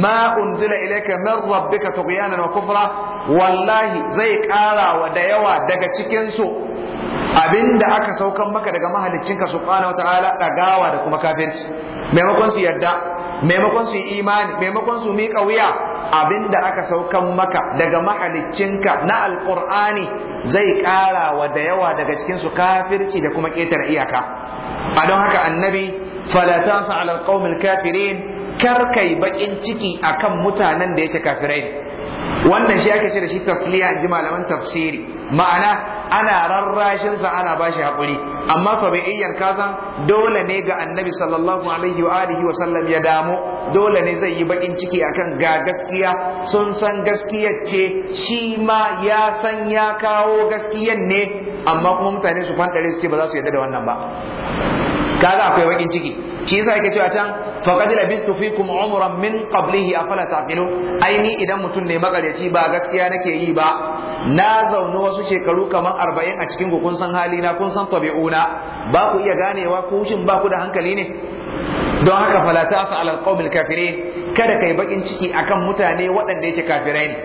ma unzila ilayka min rabbika tughyana wa kufra wallahi zai kara wa da yawa daga cikin su abinda aka saukan maka daga mahaliccinka subhanahu wa ta'ala dagawa da kuma kafirci maimakon su yadda maimakon su yi imani maimakon su miƙa wuya abinda aka saukan maka daga mahaliccinka na alƙur'ani zai ƙara wa da yawa daga cikin su kafirci da kuma ƙetare iyaka a don haka annabi fala tasa ala alqaumil kafirin kar kai baƙin ciki akan mutanen da yake kafirai wannan shi ake ce da shi tasliya ji malaman tafsiri ma'ana ana rarrashin sa ana bashi haƙuri, amma tabi'iyyan kasan dole ne ga annabi sallallahu alaihi wa alihi wa sallam ya damu dole ne zai yi bakin ciki akan ga gaskiya sun san gaskiyar ce shi ma ya san ya kawo gaskiyan ne amma kuma mutane su fantare su ce ba za su yarda da wannan ba kaga akwai bakin ciki shi yasa yake cewa can faqad labistu fikum umran min qablihi afala Ai aini idan mutum ne makareci ba gaskiya nake yi ba na zaune wasu shekaru kamar arba'in a cikin kun san halina kun san tabi'una ba ku iya ganewa ko shin ba ku da hankali ne don haka fala ta'sa ala alqawmil kafire, kada kai bakin ciki akan mutane waɗanda yake kafirai ne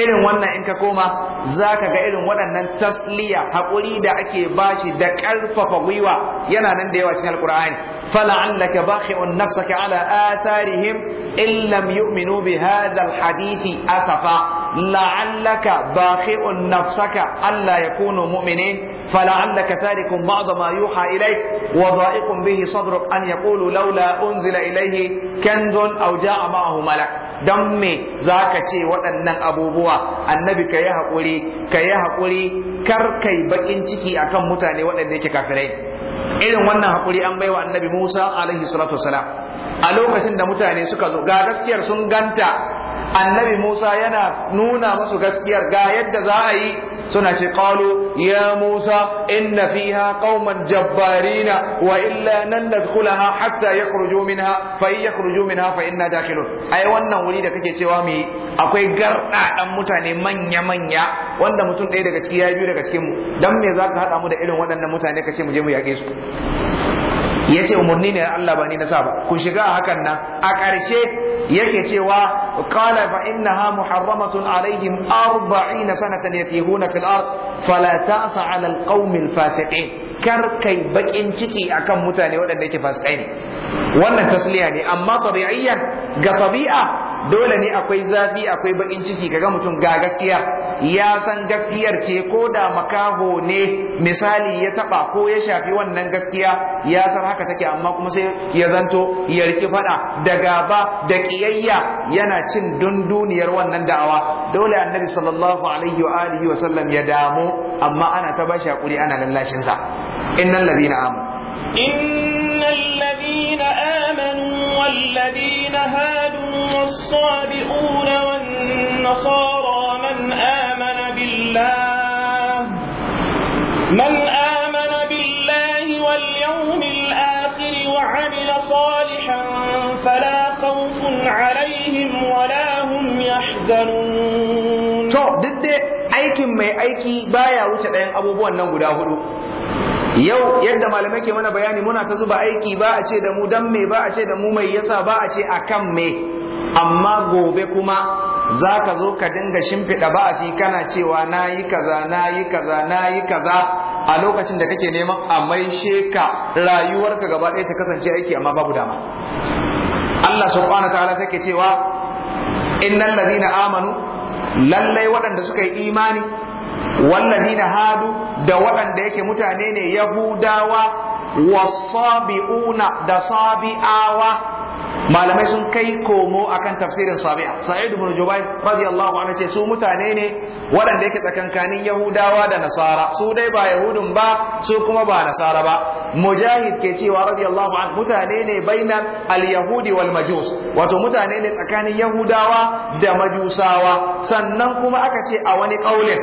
irin wannan in ka koma za ka ga irin waɗannan tasliya haƙuri da ake bashi da ƙarfafa gwiwa yana nan da yawa cikin alƙur'ani fala'allaka bakhi'un nafsaka ala atharihim in lam yu'minu bi hadha asafa la'allaka baqi'un nafsaka alla yakunu mu'minin fala'allaka tarikun ba'da ma yuha ilayk wa dha'iqun bihi sadruk an yaqulu laula unzila ilayhi kanzun aw ja'a ma'ahu malak dan me zaka ce waɗannan abubuwa annabi ka yi haƙuri ka yi haƙuri kar kai baƙin ciki akan mutane waɗanda yake kafirai irin wannan haƙuri an baiwa annabi Musa alaihi salatu wasalam a lokacin da mutane suka zo ga gaskiyar sun ganta annabi Musa yana nuna musu gaskiyar ga yadda za a yi suna ce qalu ya Musa inna fiha qauman jabbarina wa illa nan nadkhulaha hatta yakhruju minha fa in yakhruju minha fa inna dakhilun ai wannan wuri da kake cewa mu akwai dan mutane manya manya wanda mutum ɗaya daga ciki ya biyu daga cikin mu dan me zaka hada mu da irin waɗannan mutane kace mu je mu yake su yace umurni ne Allah ba ni na sa ba ku shiga a hakan nan a ƙarshe yake cewa qala fa innaha muharramatun alaihim 40 sanatan yatihuna fil ard fala ta'sa 'ala al-qaum fasiqin kar kai bakin ciki akan mutane waɗanda yake fasikai ne wannan tasliya ne amma tabi'iyya ga tabi'a dole ne akwai zafi akwai bakin ciki kaga mutum ga gaskiya ya san gaskiyar ce ko da makaho ne misali ya taba ko ya shafi wannan gaskiya ya san haka take amma kuma sai ya zanto ya riki fada da gaba da kiyayya yana cin dunduniyar wannan da'awa dole annabi sallallahu alaihi wa alihi wa sallam ya damu amma ana ta bashi hakuri ana lallashin sa innal ladina amanu innal ladina amanu wal ladina hadu الصابئون والنصارى من آمن بالله من آمن بالله واليوم الآخر وعمل صالحا فلا خوف عليهم ولا هم يحزنون to duk dai aikin mai aiki baya wuce ɗayan abubuwan nan guda hudu yau yadda malamai ke mana bayani muna ta zuba aiki ba a ce da mu dan me ba a ce da mu mai yasa ba a ce akan me amma gobe kuma za ka zo ka dinga shimfiɗa ba'asi kana cewa na yi kaza na yi kaza na yi kaza a lokacin da kake neman a maishe ka rayuwarka gaba ɗaya ta kasance aiki amma babu dama Allah subhanahu ta'ala sai ke cewa innal ladina amanu lallai waɗanda suka yi imani wallazina hadu da waɗanda yake mutane ne yahudawa wasabi'una da sabi'awa malamai sun kai komo akan tafsirin sabi'a sa'id ibn jubair radiyallahu anhu ce su mutane ne waɗanda yake tsakankanin yahudawa da nasara su dai ba yahudun ba su kuma ba nasara ba mujahid ke cewa radiyallahu anhu mutane ne bainal al-yahudi wal majus wato mutane ne tsakanin yahudawa da majusawa sannan kuma aka ce a wani kaulin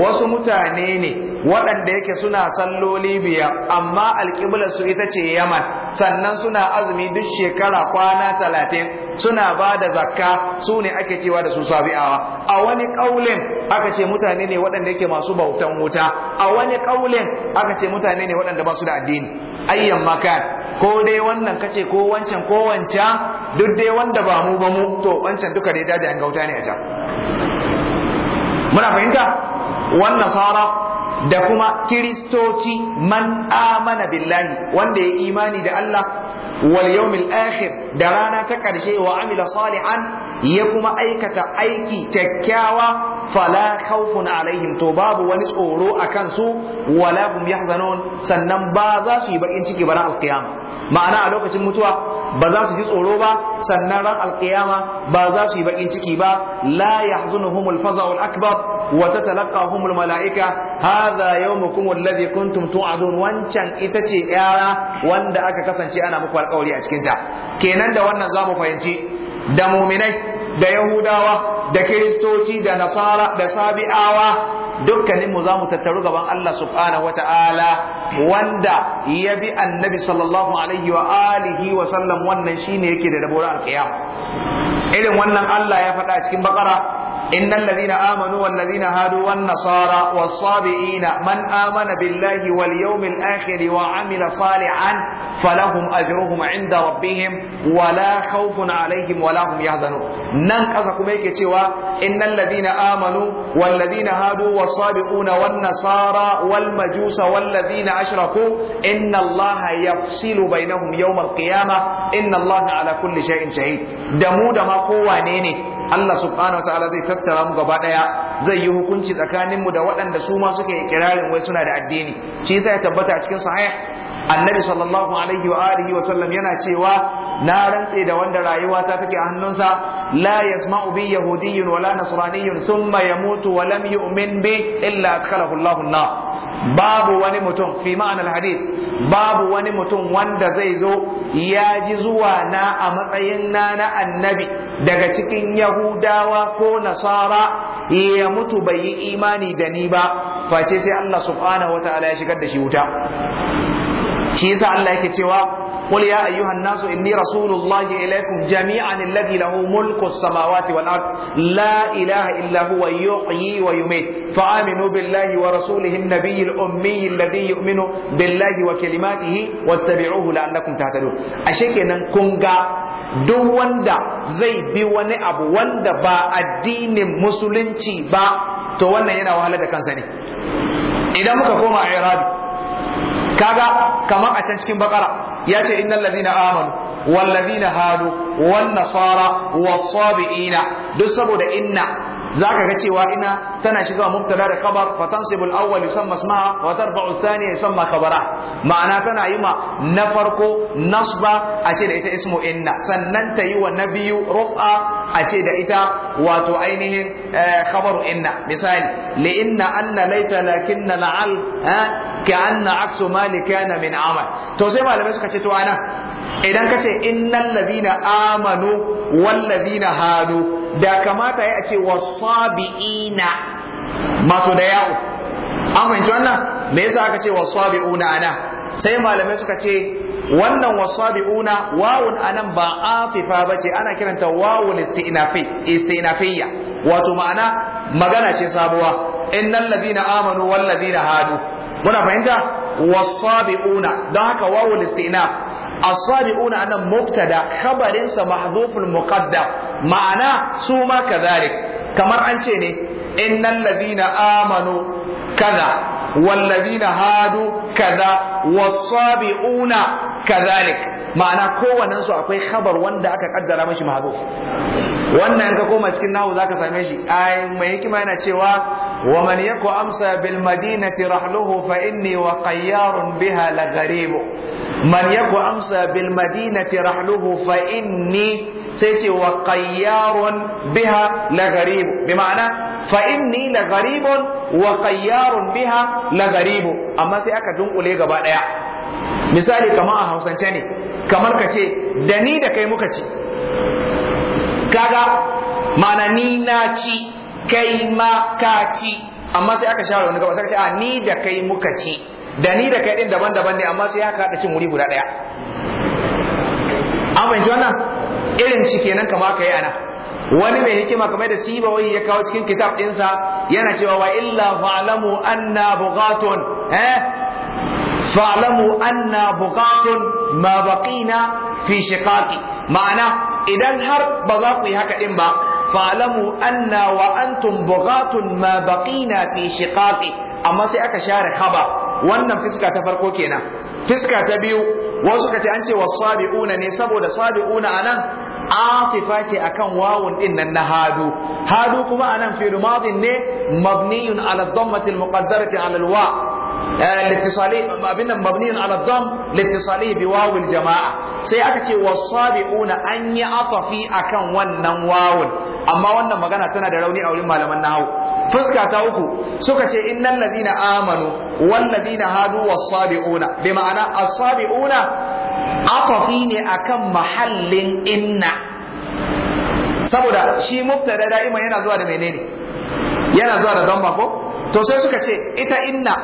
wasu mutane ne waɗanda yake suna salloli biya amma alƙiblar su ita ce yaman sannan suna azumi duk shekara kwana talatin suna ba da zakka su ne ake cewa da su sabi'awa a wani ƙaulin aka ce mutane ne waɗanda yake masu bautan wuta a wani ƙaulin aka ce mutane ne waɗanda ba su da addini ayyan makan ko dai wannan kace ko wancan ko wancan duk dai wanda ba mu ba mu to wancan duka dai daji an gauta ne a can muna fahimta wannan sara da kuma kiristoci man amana billahi wanda ya imani da Allah wal yawmil akhir da rana ta ƙarshe wa amila salihan ya kuma aikata aiki kyakkyawa fala khawfun alaihim to babu wani tsoro a kansu wala hum yahzanun sannan ba za su yi bakin ciki ba ran alqiyama ma'ana a lokacin mutuwa ba za su ji tsoro ba sannan ran alkiyama ba za su yi bakin ciki ba la yahzunuhumul faza'ul akbar wa tatalaqahumul malaika hadha yawmukum alladhi kuntum tu'adun wancan ita ce yara wanda aka kasance ana muku alkawari a cikinta kenan da wannan za mu fahimci da muminai da yahudawa da kiristoci da nasara da sabi'awa dukkanin mu za mu tattaru gaban Allah subhanahu wa ta'ala wanda ya bi annabi sallallahu alaihi wa alihi wa sallam wannan shine yake da rabuwar alkiyama irin wannan Allah ya faɗa cikin bakara إن الذين آمنوا والذين هادوا والنصارى والصابئين من آمن بالله واليوم الآخر وعمل صالحا فلهم أجرهم عند ربهم wala khawfun alaihim wala hum yahzanun nan kasa kuma yake cewa innal ladina amanu wal ladina hadu wasabiquna wan nasara wal majusa wal ladina ashraku inna allaha yafsilu bainahum yawm al qiyamah inna allaha ala kulli shay'in shahid da mu da ma kowane ne Allah subhanahu wataala zai tattara mu gaba daya zai yi hukunci tsakaninmu da waɗanda su ma suke ikirarin wai suna da addini shi yasa ya tabbata a cikin sahih annabi sallallahu alaihi wa alihi wa sallam yana cewa na rantse da wanda rayuwa ta take hannunsa la yasma'u bi yahudiyyun wala nasraniyyun thumma yamutu wa lam yu'min bi illa adkhalahu Allahu babu wani mutum fi ma'anar hadith babu wani mutum wanda zai zo ya ji zuwa na a matsayin na na annabi daga cikin yahudawa ko nasara ya mutu bai yi imani da ni ba face sai Allah subhanahu wa ta'ala ya shigar da shi wuta shi yasa Allah yake cewa qul ya ayyuhan nasu inni rasulullahi ilaykum jami'an alladhi lahu mulku samawati wal ard la ilaha illa huwa yuhyi wa yumiit fa aminu billahi wa rasulihi nabiyil ummi alladhi yu'minu billahi wa kalimatihi wattabi'uhu la'allakum tahtadun ashe kenan kun ga duk wanda zai bi wani abu wanda ba addinin musulunci ba to wannan yana wahala da kansa ne idan muka koma a irabi kaga kamar a can cikin bakara ya ce innal ladina amanu wal ladina hadu wan nasara was sabiina duk saboda inna zaka ga cewa ina tana shiga mubtada da khabar fa tansibu al-awwal yusamma ismaha wa tarfa'u ath-thani yusamma khabara ma'ana tana yi ma na farko nasba a ce da ita ismu inna sannan ta yi wa na biyu rufa a ce da ita wato ainihin eh, khabaru inna misali li inna anna laysa lakinna la'al eh, ka anna aksu ma kana min amal to sai malamai suka ce to ana idan ka ce innal ladina amanu wal ladina hadu da kamata ya ce wasabiina mato da yawo an fahimci wannan me yasa aka ce wasabiuna ana sai malamai suka ce wannan wasabiuna wawun anan ba atifa ce, ana kiranta wawun istinafi istinafiyya wato ma'ana magana ce sabuwa innal ladina amanu wal ladina hadu muna fahimta wasabiuna don haka wawun istinafi as-sabiquna anan muftada, khabarin sa mahdhuful muqaddam ma'ana suma ma kamar an ce ne innal ladina amanu kaza wal na hadu kaza was-sabiquna kadhalik ma'ana kowannen su akwai khabar wanda aka kaddara mashi mahdhuf wannan ka koma cikin nahu zaka same shi ai mai hikima yana cewa wa man yaku amsa bil madinati rahluhu fa inni wa qayyarun biha la gharib man yaku amsa bil madinati rahluhu fa inni sai ce wa qayyarun biha la gharib bi ma'ana fa inni la gharibun wa qayyarun biha la gharib amma sai aka dunkule gaba daya misali kamar a hausance ne kamar ka ce da ni da kai muka ci kaga ma'ana ni na ci kai ma ka ci amma sai aka share wani gaba sai a ah, ni da kai muka ci da ni da kai din daban-daban ne amma sai aka haɗa cin wuri guda ɗaya an fahimci wannan irin ci kenan kama ka yi ana wani mai hikima kamar da siba wai ya kawo cikin kitab ɗinsa yana cewa wa illa fa'lamu anna bughatun eh fa'lamu anna bughatun ma baqina fi shiqaqi ma'ana idan har ba za ku yi haka ɗin ba fa'lamu anna wa antum bughatun ma baqina fi shiqaqi amma sai aka share haba wannan fiska ta farko kenan fiska ta biyu wasu kace an ce wasabiuna ne saboda sabiuna anan عاطفة أكن واو إن النهادو هادو hadu. أنا في رماض مبني على الضمة المقدرة على alwa لاتصاله eh, abin nan mabniyin ala dham litisalihi bi wawil jama'a sai aka ce wasabiuna an yi atafi akan wannan wawun amma wannan magana tana da rauni a wurin malaman nahawu fuska ta uku suka ce innal ladina amanu wal ladina hadu wasabiuna bi ma'ana asabiuna atafi ne akan mahallin inna saboda shi mubtada da'ima yana zuwa da menene yana zuwa da dhamma to sai suka ce ita inna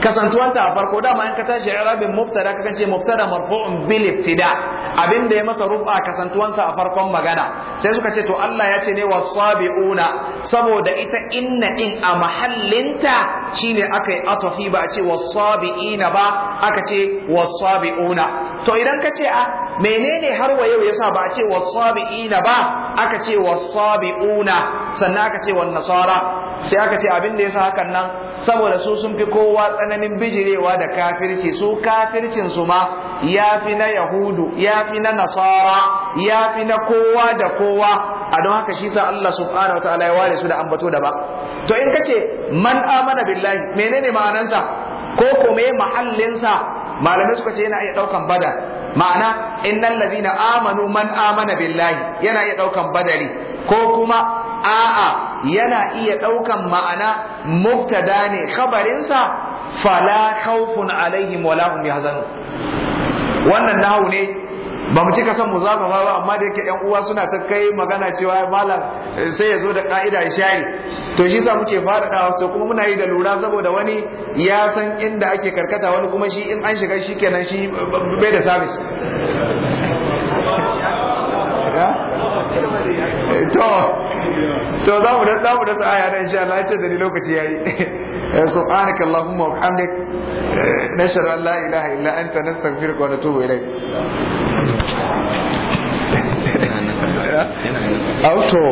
kasantuwanta a farko dama in ka tashi irabin mubtada ka ce mubtada marfu'un bil ibtida abinda ya masa rufa kasantuwansa a farkon magana sai suka ce to Allah ya ce ne wasabiuna saboda ita inna in a mahallinta shine aka yi atafi ba a ce wasabiina ba aka ce wasabiuna to idan ka ce a menene har wa yau yasa ba a ce wasabiina ba aka ce wasabiuna sannan aka ce wan nasara sai aka ce abin da yasa hakan nan saboda su sun fi kowa tsananin bijirewa da kafirci su kafircin su ma yafi na yahudu yafi na nasara yafi na kowa da kowa a don haka shi sa Allah subhanahu wa ta'ala ya ware su da ambato da ba to in kace man amana billahi menene ma'anansa ko ko me mahallinsa malamai suka ce yana iya daukan badar ma'ana innal ladina amanu man amana billahi yana iya daukan badari ko kuma a'a yana iya ɗaukan ma'ana mubtada ne khabarinsa fala khawfun alaihim wala hum yahzanun wannan nahu ne ba mu cika son mu ka ba amma da yake yan uwa suna ta kai magana cewa malam eh, sai ya zo da ka'ida ya shari to shi sa muke faɗaɗa to kuma muna yi da lura saboda wani ya san inda ake karkata wani kuma shi in an shiga shi kenan shi eh, bai da sabis eh, to to za mu da za mu da tsaya nan insha Allah ya ce da ni lokaci yayi سبحانك اللهم وبحمدك نشهد ان لا اله الا انت نستغفرك ونتوب اليك auto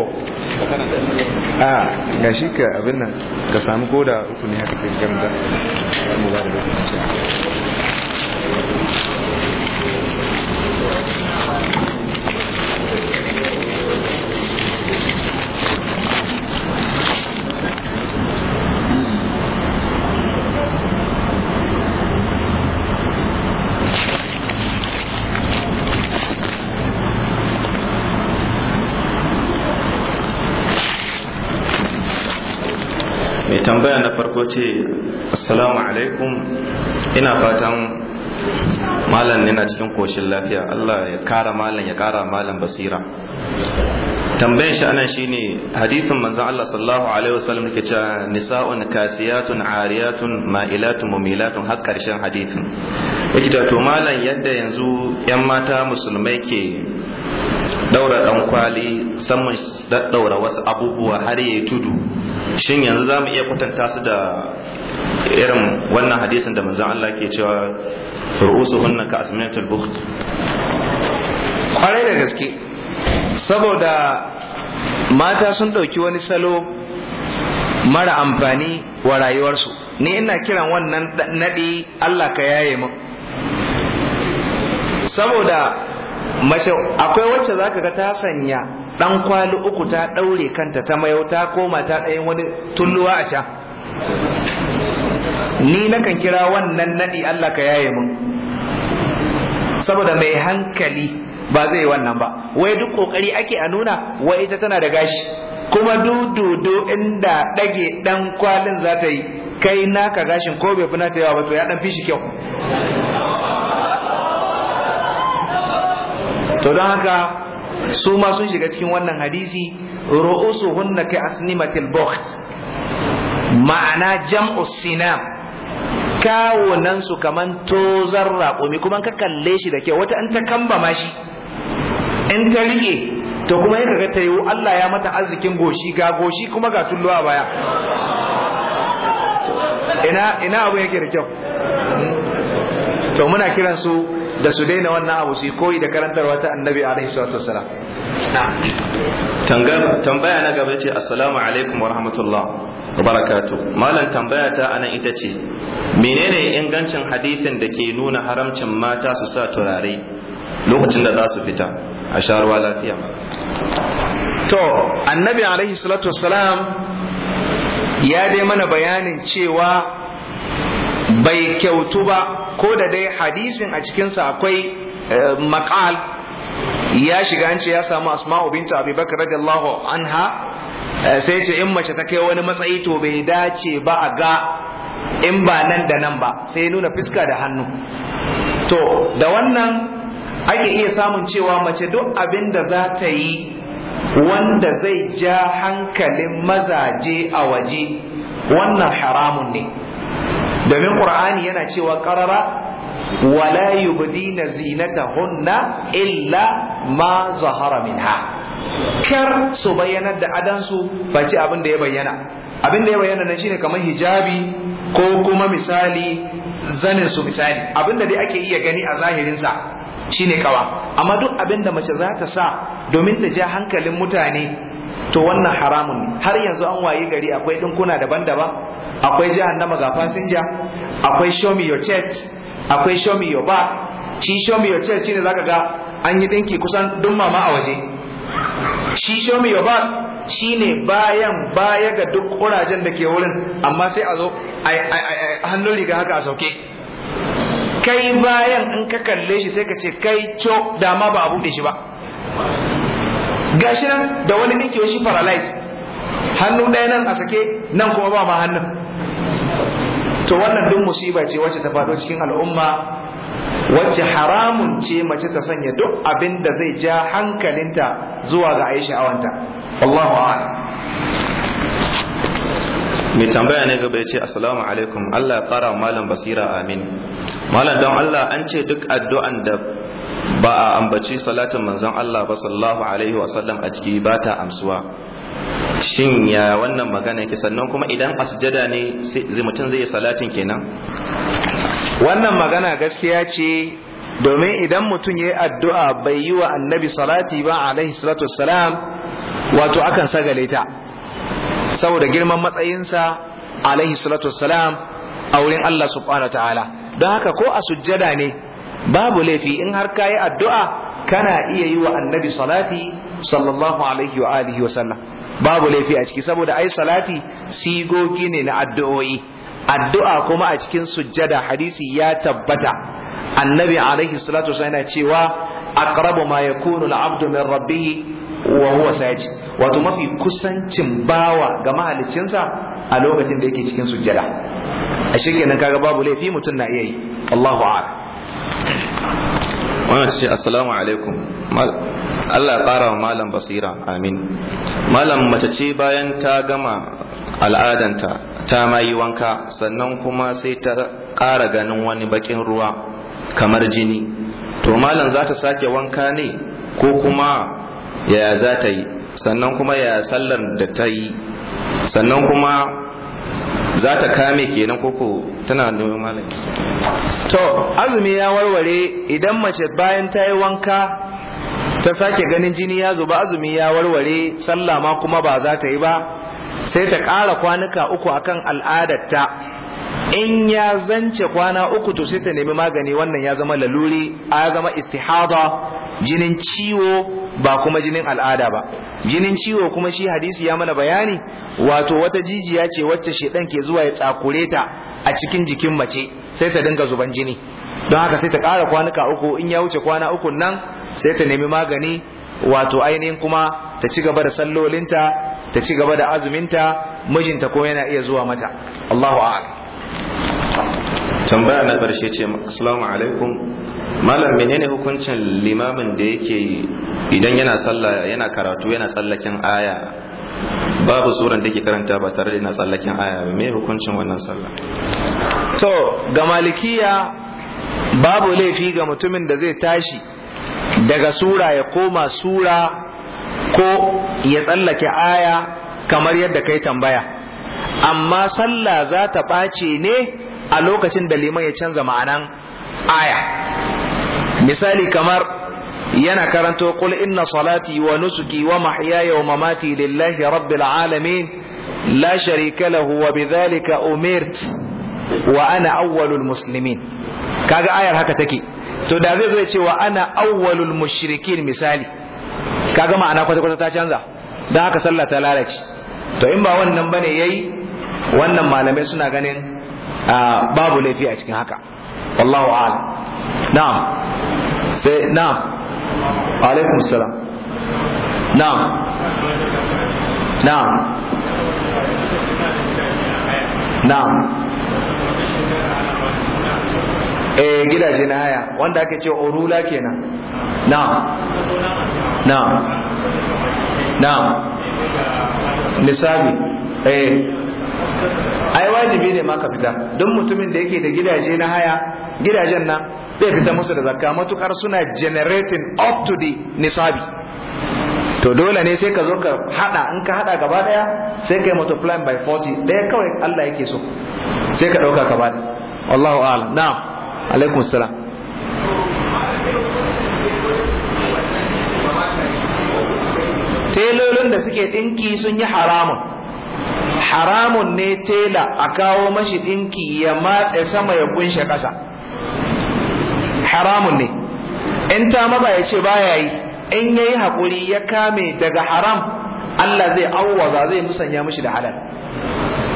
a ga shi ka abin nan ka samu koda uku ne haka sai ka gamta mu ba da lokacin tambaya na farko ce assalamu alaikum ina fatan malam yana cikin koshin lafiya Allah ya kara malam ya kara malam basira tambayan shi anan shine hadithin manzon Allah sallallahu alaihi wasallam yake cewa nisa'un kasiyatun ariyatun ma'ilatun mumilatun har karshen hadithin yake da to malam yadda yanzu yan mata musulmai ke daura dan kwali saman daddaura wasu abubuwa har ya tudu shin yanzu za mu iya kwatanta su da irin wannan hadisin da manzan Allah ke cewa hunna ka asminatul bukht kwarai da gaske saboda mata sun ɗauki wani salo mara amfani wa rayuwarsu ni ina kiran wannan naɗi Allah ka yaye mu saboda mace akwai wacce za ka ga ta sanya ɗan kwali uku ta ɗaure kanta ta mayau ta koma ta ɗayan wani tulluwa a can ni kan kira wannan naɗi Allah ka yaye mun saboda mai hankali ba zai yi wannan ba wai duk ƙoƙari ake a nuna wai ita tana da gashi kuma dududu inda ɗage ɗan kwalin za ta yi kai naka gashin ko bai fi na ta yawa ba to ya ɗan fi shi kyau to don haka su ma sun shiga cikin wannan hadisi ru'usu hunna ka asnimatil bukht ma'ana jam'u sinam kawunan su kaman tozar raƙumi kuma ka kalle shi da kyau wata an ta kamba ma shi in ta rike to kuma yaka ga tayo Allah ya mata arzikin goshi ga goshi kuma ga tulluwa baya ina ina abu yake da kyau to muna kiran da su daina wannan abu su koyi da karantarwa ta annabi alaihi salatu wasalam tambaya na gaba ce assalamu alaikum wa rahmatullah wa barakatuh malam tambaya ta anan ita ce menene ingancin hadithin da ke nuna haramcin mata su sa turare lokacin da za su fita a sharuwa lafiya to annabi alaihi salatu wasalam ya dai mana bayanin cewa bai kyautu ba ko da dai hadisin a cikinsa akwai eh, maqal ya shiga an ce ya samu asma'u bintu abi radiyallahu anha eh, sai ce in mace ta kai wani matsayi to bai dace ba a ga in ba nan da nan ba sai ya nuna fiska da hannu to da wannan ake iya samun cewa mace duk abin da za ta yi wanda zai ja hankalin mazaje a waje wannan haramun ne domin ƙur'ani yana cewa qarara wala yubdina zinatahunna illa ma zahara minha kar su bayyanar da adansu face abin da ya bayyana abin da ya bayyana nan shine kamar hijabi ko kuma misali zanin su misali abin da dai ake iya gani a zahirin sa shine kawa amma duk abin da mace za ta sa domin ta ja hankalin mutane to wannan haramun har yanzu an waye gari akwai dinkuna daban-daban akwai jihar jahannama ga fasinja akwai show me your chest akwai show me your back shi show me your chest shine zaka ga an yi dinki kusan duk mama a waje shi show me your back shine bayan baya ga duk kurajen da ke wurin amma sai a zo hannun riga haka a sauke kai bayan in ka kalle shi sai ka ce kai co da ma ba a buɗe shi ba gashi nan da wani dinki shi paralyze hannu ɗaya nan a sake nan kuma ba ma hannun to wannan duk musiba ce wacce ta faɗo cikin al'umma wacce haramun ce mace ta sanya duk abin da zai ja hankalinta zuwa ga Aisha awanta. Allahu a'lam mai tambaya ne gaba ya ce assalamu alaikum Allah ya kara malam basira amin malam don Allah an ce duk addu'an da ba a ambaci salatin manzon Allah ba sallallahu alaihi wasallam a ciki ba ta amsuwa shin ya wannan magana yake sannan kuma idan asjada ne zai mutum zai yi salatin kenan wannan magana gaskiya ce domin idan mutum ya yi addu'a bai yi wa annabi salati ba alaihi salatu wassalam wato akan sagale ta saboda girman matsayinsa alaihi salatu wassalam a wurin Allah subhanahu ta'ala don haka ko a sujjada ne babu laifi in har ka yi addu'a kana iya yi wa annabi salati sallallahu alaihi wa alihi wa sallam babu laifi a ciki saboda ai salati sigogi ne na addu'o'i addu'a kuma a cikin sujjada hadisi ya tabbata annabi alaihi salatu wasallam yana cewa aqrabu ma yakunu al-abdu min rabbih wa huwa wato mafi kusancin bawa ga mahaliccinsa a lokacin da yake cikin sujjada a kenan kaga babu laifi mutum na iya yi Allahu a'lam wannan ce assalamu alaikum Allah ya ƙara wa malam basira amin malam mace ce bayan ta gama al'adanta ta ma yi wanka sannan kuma sai ta ƙara ganin wani bakin ruwa kamar jini to malam za ta sake wanka ne ko kuma yaya za ta yi sannan kuma yaya sallar da ta yi sannan kuma za ta kame kenan koko tana nuna malam to azumi ya warware idan mace bayan ta yi wanka ta sake ganin jini ya zuba azumi ya warware sallah ma kuma ba za ta yi ba sai ta ƙara kwanuka uku akan al'adarta in ya zance kwana uku to sai ta nemi magani wannan ya zama laluri ya zama istihada jinin ciwo ba kuma jinin al'ada ba jinin ciwo kuma shi hadisi ya mana bayani wato wata jijiya ce wacce shedan ke zuwa ya tsakure ta a cikin jikin mace sai ta dinga zuban jini don haka sai ta ƙara kwanuka uku in ya wuce kwana uku nan sai ta nemi magani wato ainihin kuma ta ci gaba da sallolinta ta ci gaba da azuminta mijinta ko yana iya zuwa mata Allahu a'lam tambaya na karshe ce assalamu alaikum malam menene hukuncin limamin da yake idan yana sallah yana karatu yana tsallakin aya babu suran da ke karanta ba tare da yana tsallakin aya me hukuncin wannan sallah to ga malikiya babu laifi ga mutumin da zai tashi daga sura ya koma sura ko ya tsallake aya kamar yadda kai tambaya amma sallah za ta ɓace ne a lokacin da liman ya canza ma'anan aya misali kamar yana karanto qul inna salati wa nusuki wa mahyaya wa mamati lillahi rabbil alamin la sharika lahu wa bidhalika umirt wa ana awwalul muslimin kaga ayar haka take to da zai zo ya ce wa ana awwalul mushrikin misali kaga ma'ana kwata kwata ta canza dan haka sallah ta lalace to in ba wannan bane yayi wannan malamai suna ganin babu laifi a cikin haka wallahu a'lam na'am sai na'am alaikum salam na'am na'am na'am eh gidaje na haya wanda aka ce orula kenan na na na nisabi eh ai wajibi ne ma ka fita don mutumin da yake da gidaje na haya gidajen nan zai fita musu da zakka matukar suna generating up to the nisabi to dole ne sai ka zo ka hada in ka hada gaba daya sai ka yi multiplying by 40 daya kawai Allah yake so sai ka dauka gaba daya Allahu a'lam na'am alaikum sala telolin da suke ɗinki sun yi haramun haramun ne tela a kawo mashi ɗinki ya matse sama ya kunshe ƙasa haramun ne in ta maba ya ce baya yi in ya yi haƙuri ya kame daga haram Allah zai awwaza zai musanya mashi da halal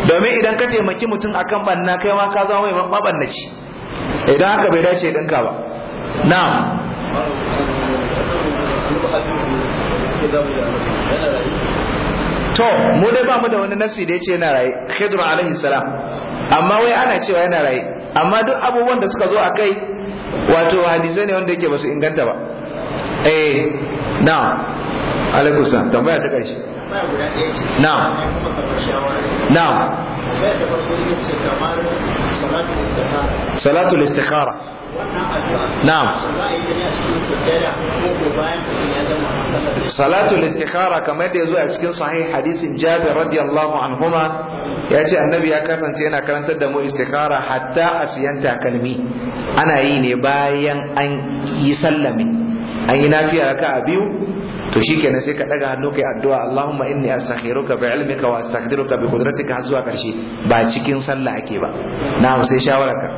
domin idan ka taimaki mutum akan banna kai ma ka zama mai ci. idan haka bai dace dinka ba Na to mu dai ba mu da wani nasi da yace yana raye khidr alaihi salam amma wai ana cewa yana raye amma duk abubuwan da suka zo a kai wato hadisai ne wanda yake ba su inganta ba eh na alaikum salam tambaya ta ƙarshe na na salatu istikhara na'am salatul istikhara kamar da yazo a cikin sahih hadisin Jabir radiyallahu anhuma yace annabi ya kasance yana karantar da mu istikhara hatta siyan takalmi ana yi ne bayan an yi sallame an yi nafiya raka a biyu to shi kenan sai ka ɗaga hannu kai addu'a Allahumma inni astakhiruka bi ilmika wa astakhiruka bi qudratika har zuwa karshe ba cikin sallah ake ba na'am sai shawararka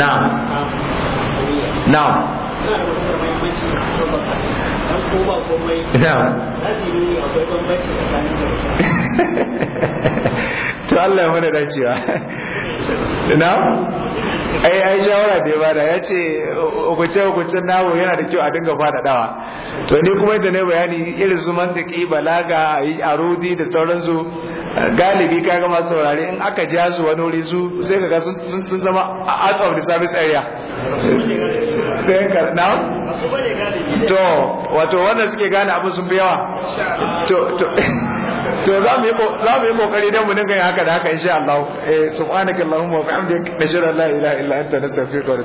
na'am na'am to Allah ya mana dacewa na ai ai shawara da ya bada ya ce hukuce hukucen nawo yana da kyau a dinga faɗaɗawa to ni kuma da na bayani irin su mantaki balaga rudi da sauransu galibi kaga masu saurari in aka ja su wani wuri su sai kaga sun zama out of the service area na to wato wanda suke gane abu sun fi yawa to za mu yi kokari don mu dinga yin haka da haka insha Allah eh subhanakallahumma wa bihamdika nashhadu an la ilaha illa anta nastaghfiruka